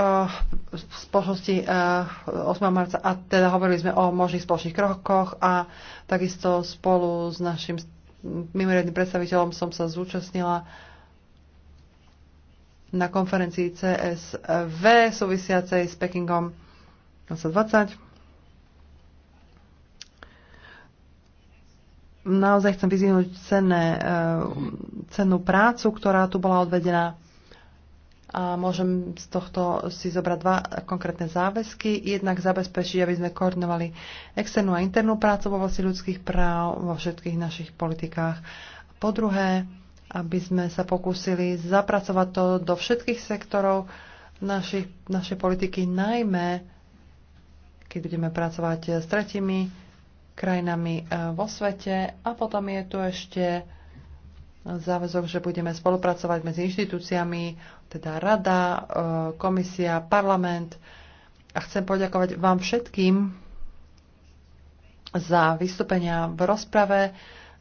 Speaker 1: v spoločnosti 8. marca a teda hovorili sme o možných spoločných krokoch a takisto spolu s našim mimoriadným predstaviteľom som sa zúčastnila na konferencii CSV súvisiacej s Pekingom 2020 naozaj chcem vyzvihnúť cenné, eh, cennú prácu, ktorá tu bola odvedená. A môžem z tohto si zobrať dva konkrétne záväzky. Jednak zabezpečiť, aby sme koordinovali externú a internú prácu vo oblasti ľudských práv vo všetkých našich politikách. Po druhé, aby sme sa pokúsili zapracovať to do všetkých sektorov našich, našej politiky, najmä keď budeme pracovať s tretimi krajinami e, vo svete. A potom je tu ešte záväzok, že budeme spolupracovať medzi inštitúciami, teda rada, e, komisia, parlament. A chcem poďakovať vám všetkým za vystúpenia v rozprave.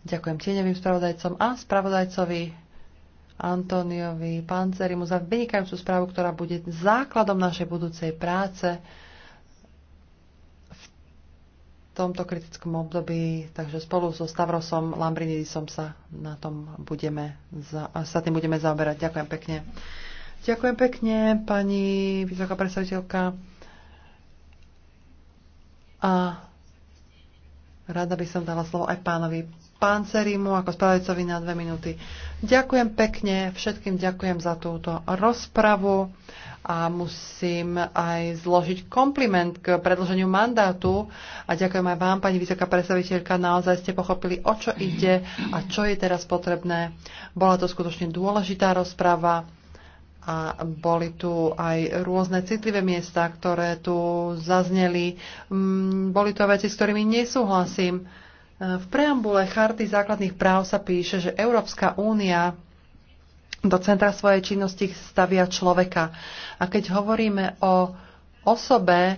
Speaker 1: Ďakujem tieňovým spravodajcom a spravodajcovi Antoniovi Pancerimu za vynikajúcu správu, ktorá bude základom našej budúcej práce tomto kritickom období, takže spolu so Stavrosom Lambrinidisom sa, na tom budeme za, sa tým budeme zaoberať. Ďakujem pekne. Ďakujem pekne, pani vysoká predstaviteľka. A Rada by som dala slovo aj pánovi Pancerimu ako spravedcovi na dve minúty. Ďakujem pekne, všetkým ďakujem za túto rozpravu a musím aj zložiť kompliment k predlženiu mandátu a ďakujem aj vám, pani vysoká predstaviteľka, naozaj ste pochopili, o čo ide a čo je teraz potrebné. Bola to skutočne dôležitá rozprava a boli tu aj rôzne citlivé miesta, ktoré tu zazneli. Mm, boli to veci, s ktorými nesúhlasím. E, v preambule Charty základných práv sa píše, že Európska únia do centra svojej činnosti stavia človeka. A keď hovoríme o osobe,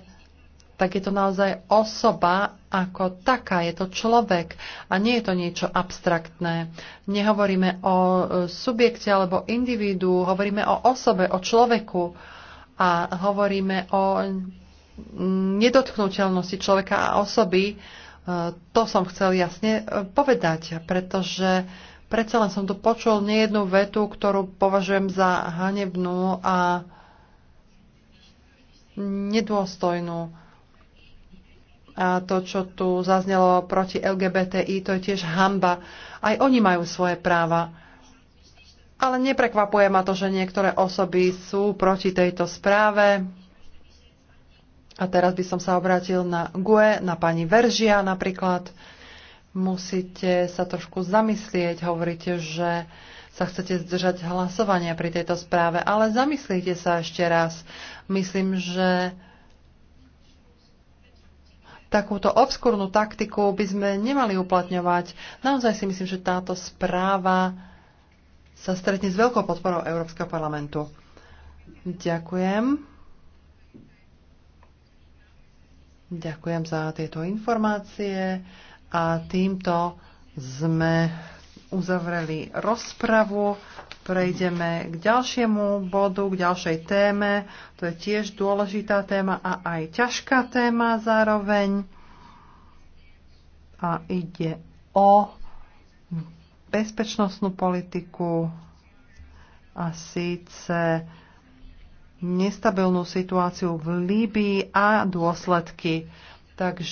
Speaker 1: tak je to naozaj osoba ako taká, je to človek a nie je to niečo abstraktné. Nehovoríme o e, subjekte alebo individu, hovoríme o osobe, o človeku a hovoríme o nedotknutelnosti človeka a osoby. E, to som chcel jasne e, povedať, pretože predsa len som tu počul nejednú vetu, ktorú považujem za hanebnú a nedôstojnú a to, čo tu zaznelo proti LGBTI, to je tiež hamba. Aj oni majú svoje práva. Ale neprekvapuje ma to, že niektoré osoby sú proti tejto správe. A teraz by som sa obrátil na GUE, na pani Veržia napríklad. Musíte sa trošku zamyslieť, hovoríte, že sa chcete zdržať hlasovania pri tejto správe, ale zamyslíte sa ešte raz. Myslím, že takúto obskúrnu taktiku by sme nemali uplatňovať. Naozaj si myslím, že táto správa sa stretne s veľkou podporou Európskeho parlamentu. Ďakujem. Ďakujem za tieto informácie a týmto sme uzavreli rozpravu prejdeme k ďalšiemu bodu, k ďalšej téme. To je tiež dôležitá téma a aj ťažká téma zároveň. A ide o bezpečnostnú politiku a síce nestabilnú situáciu v Líbii a dôsledky. Takže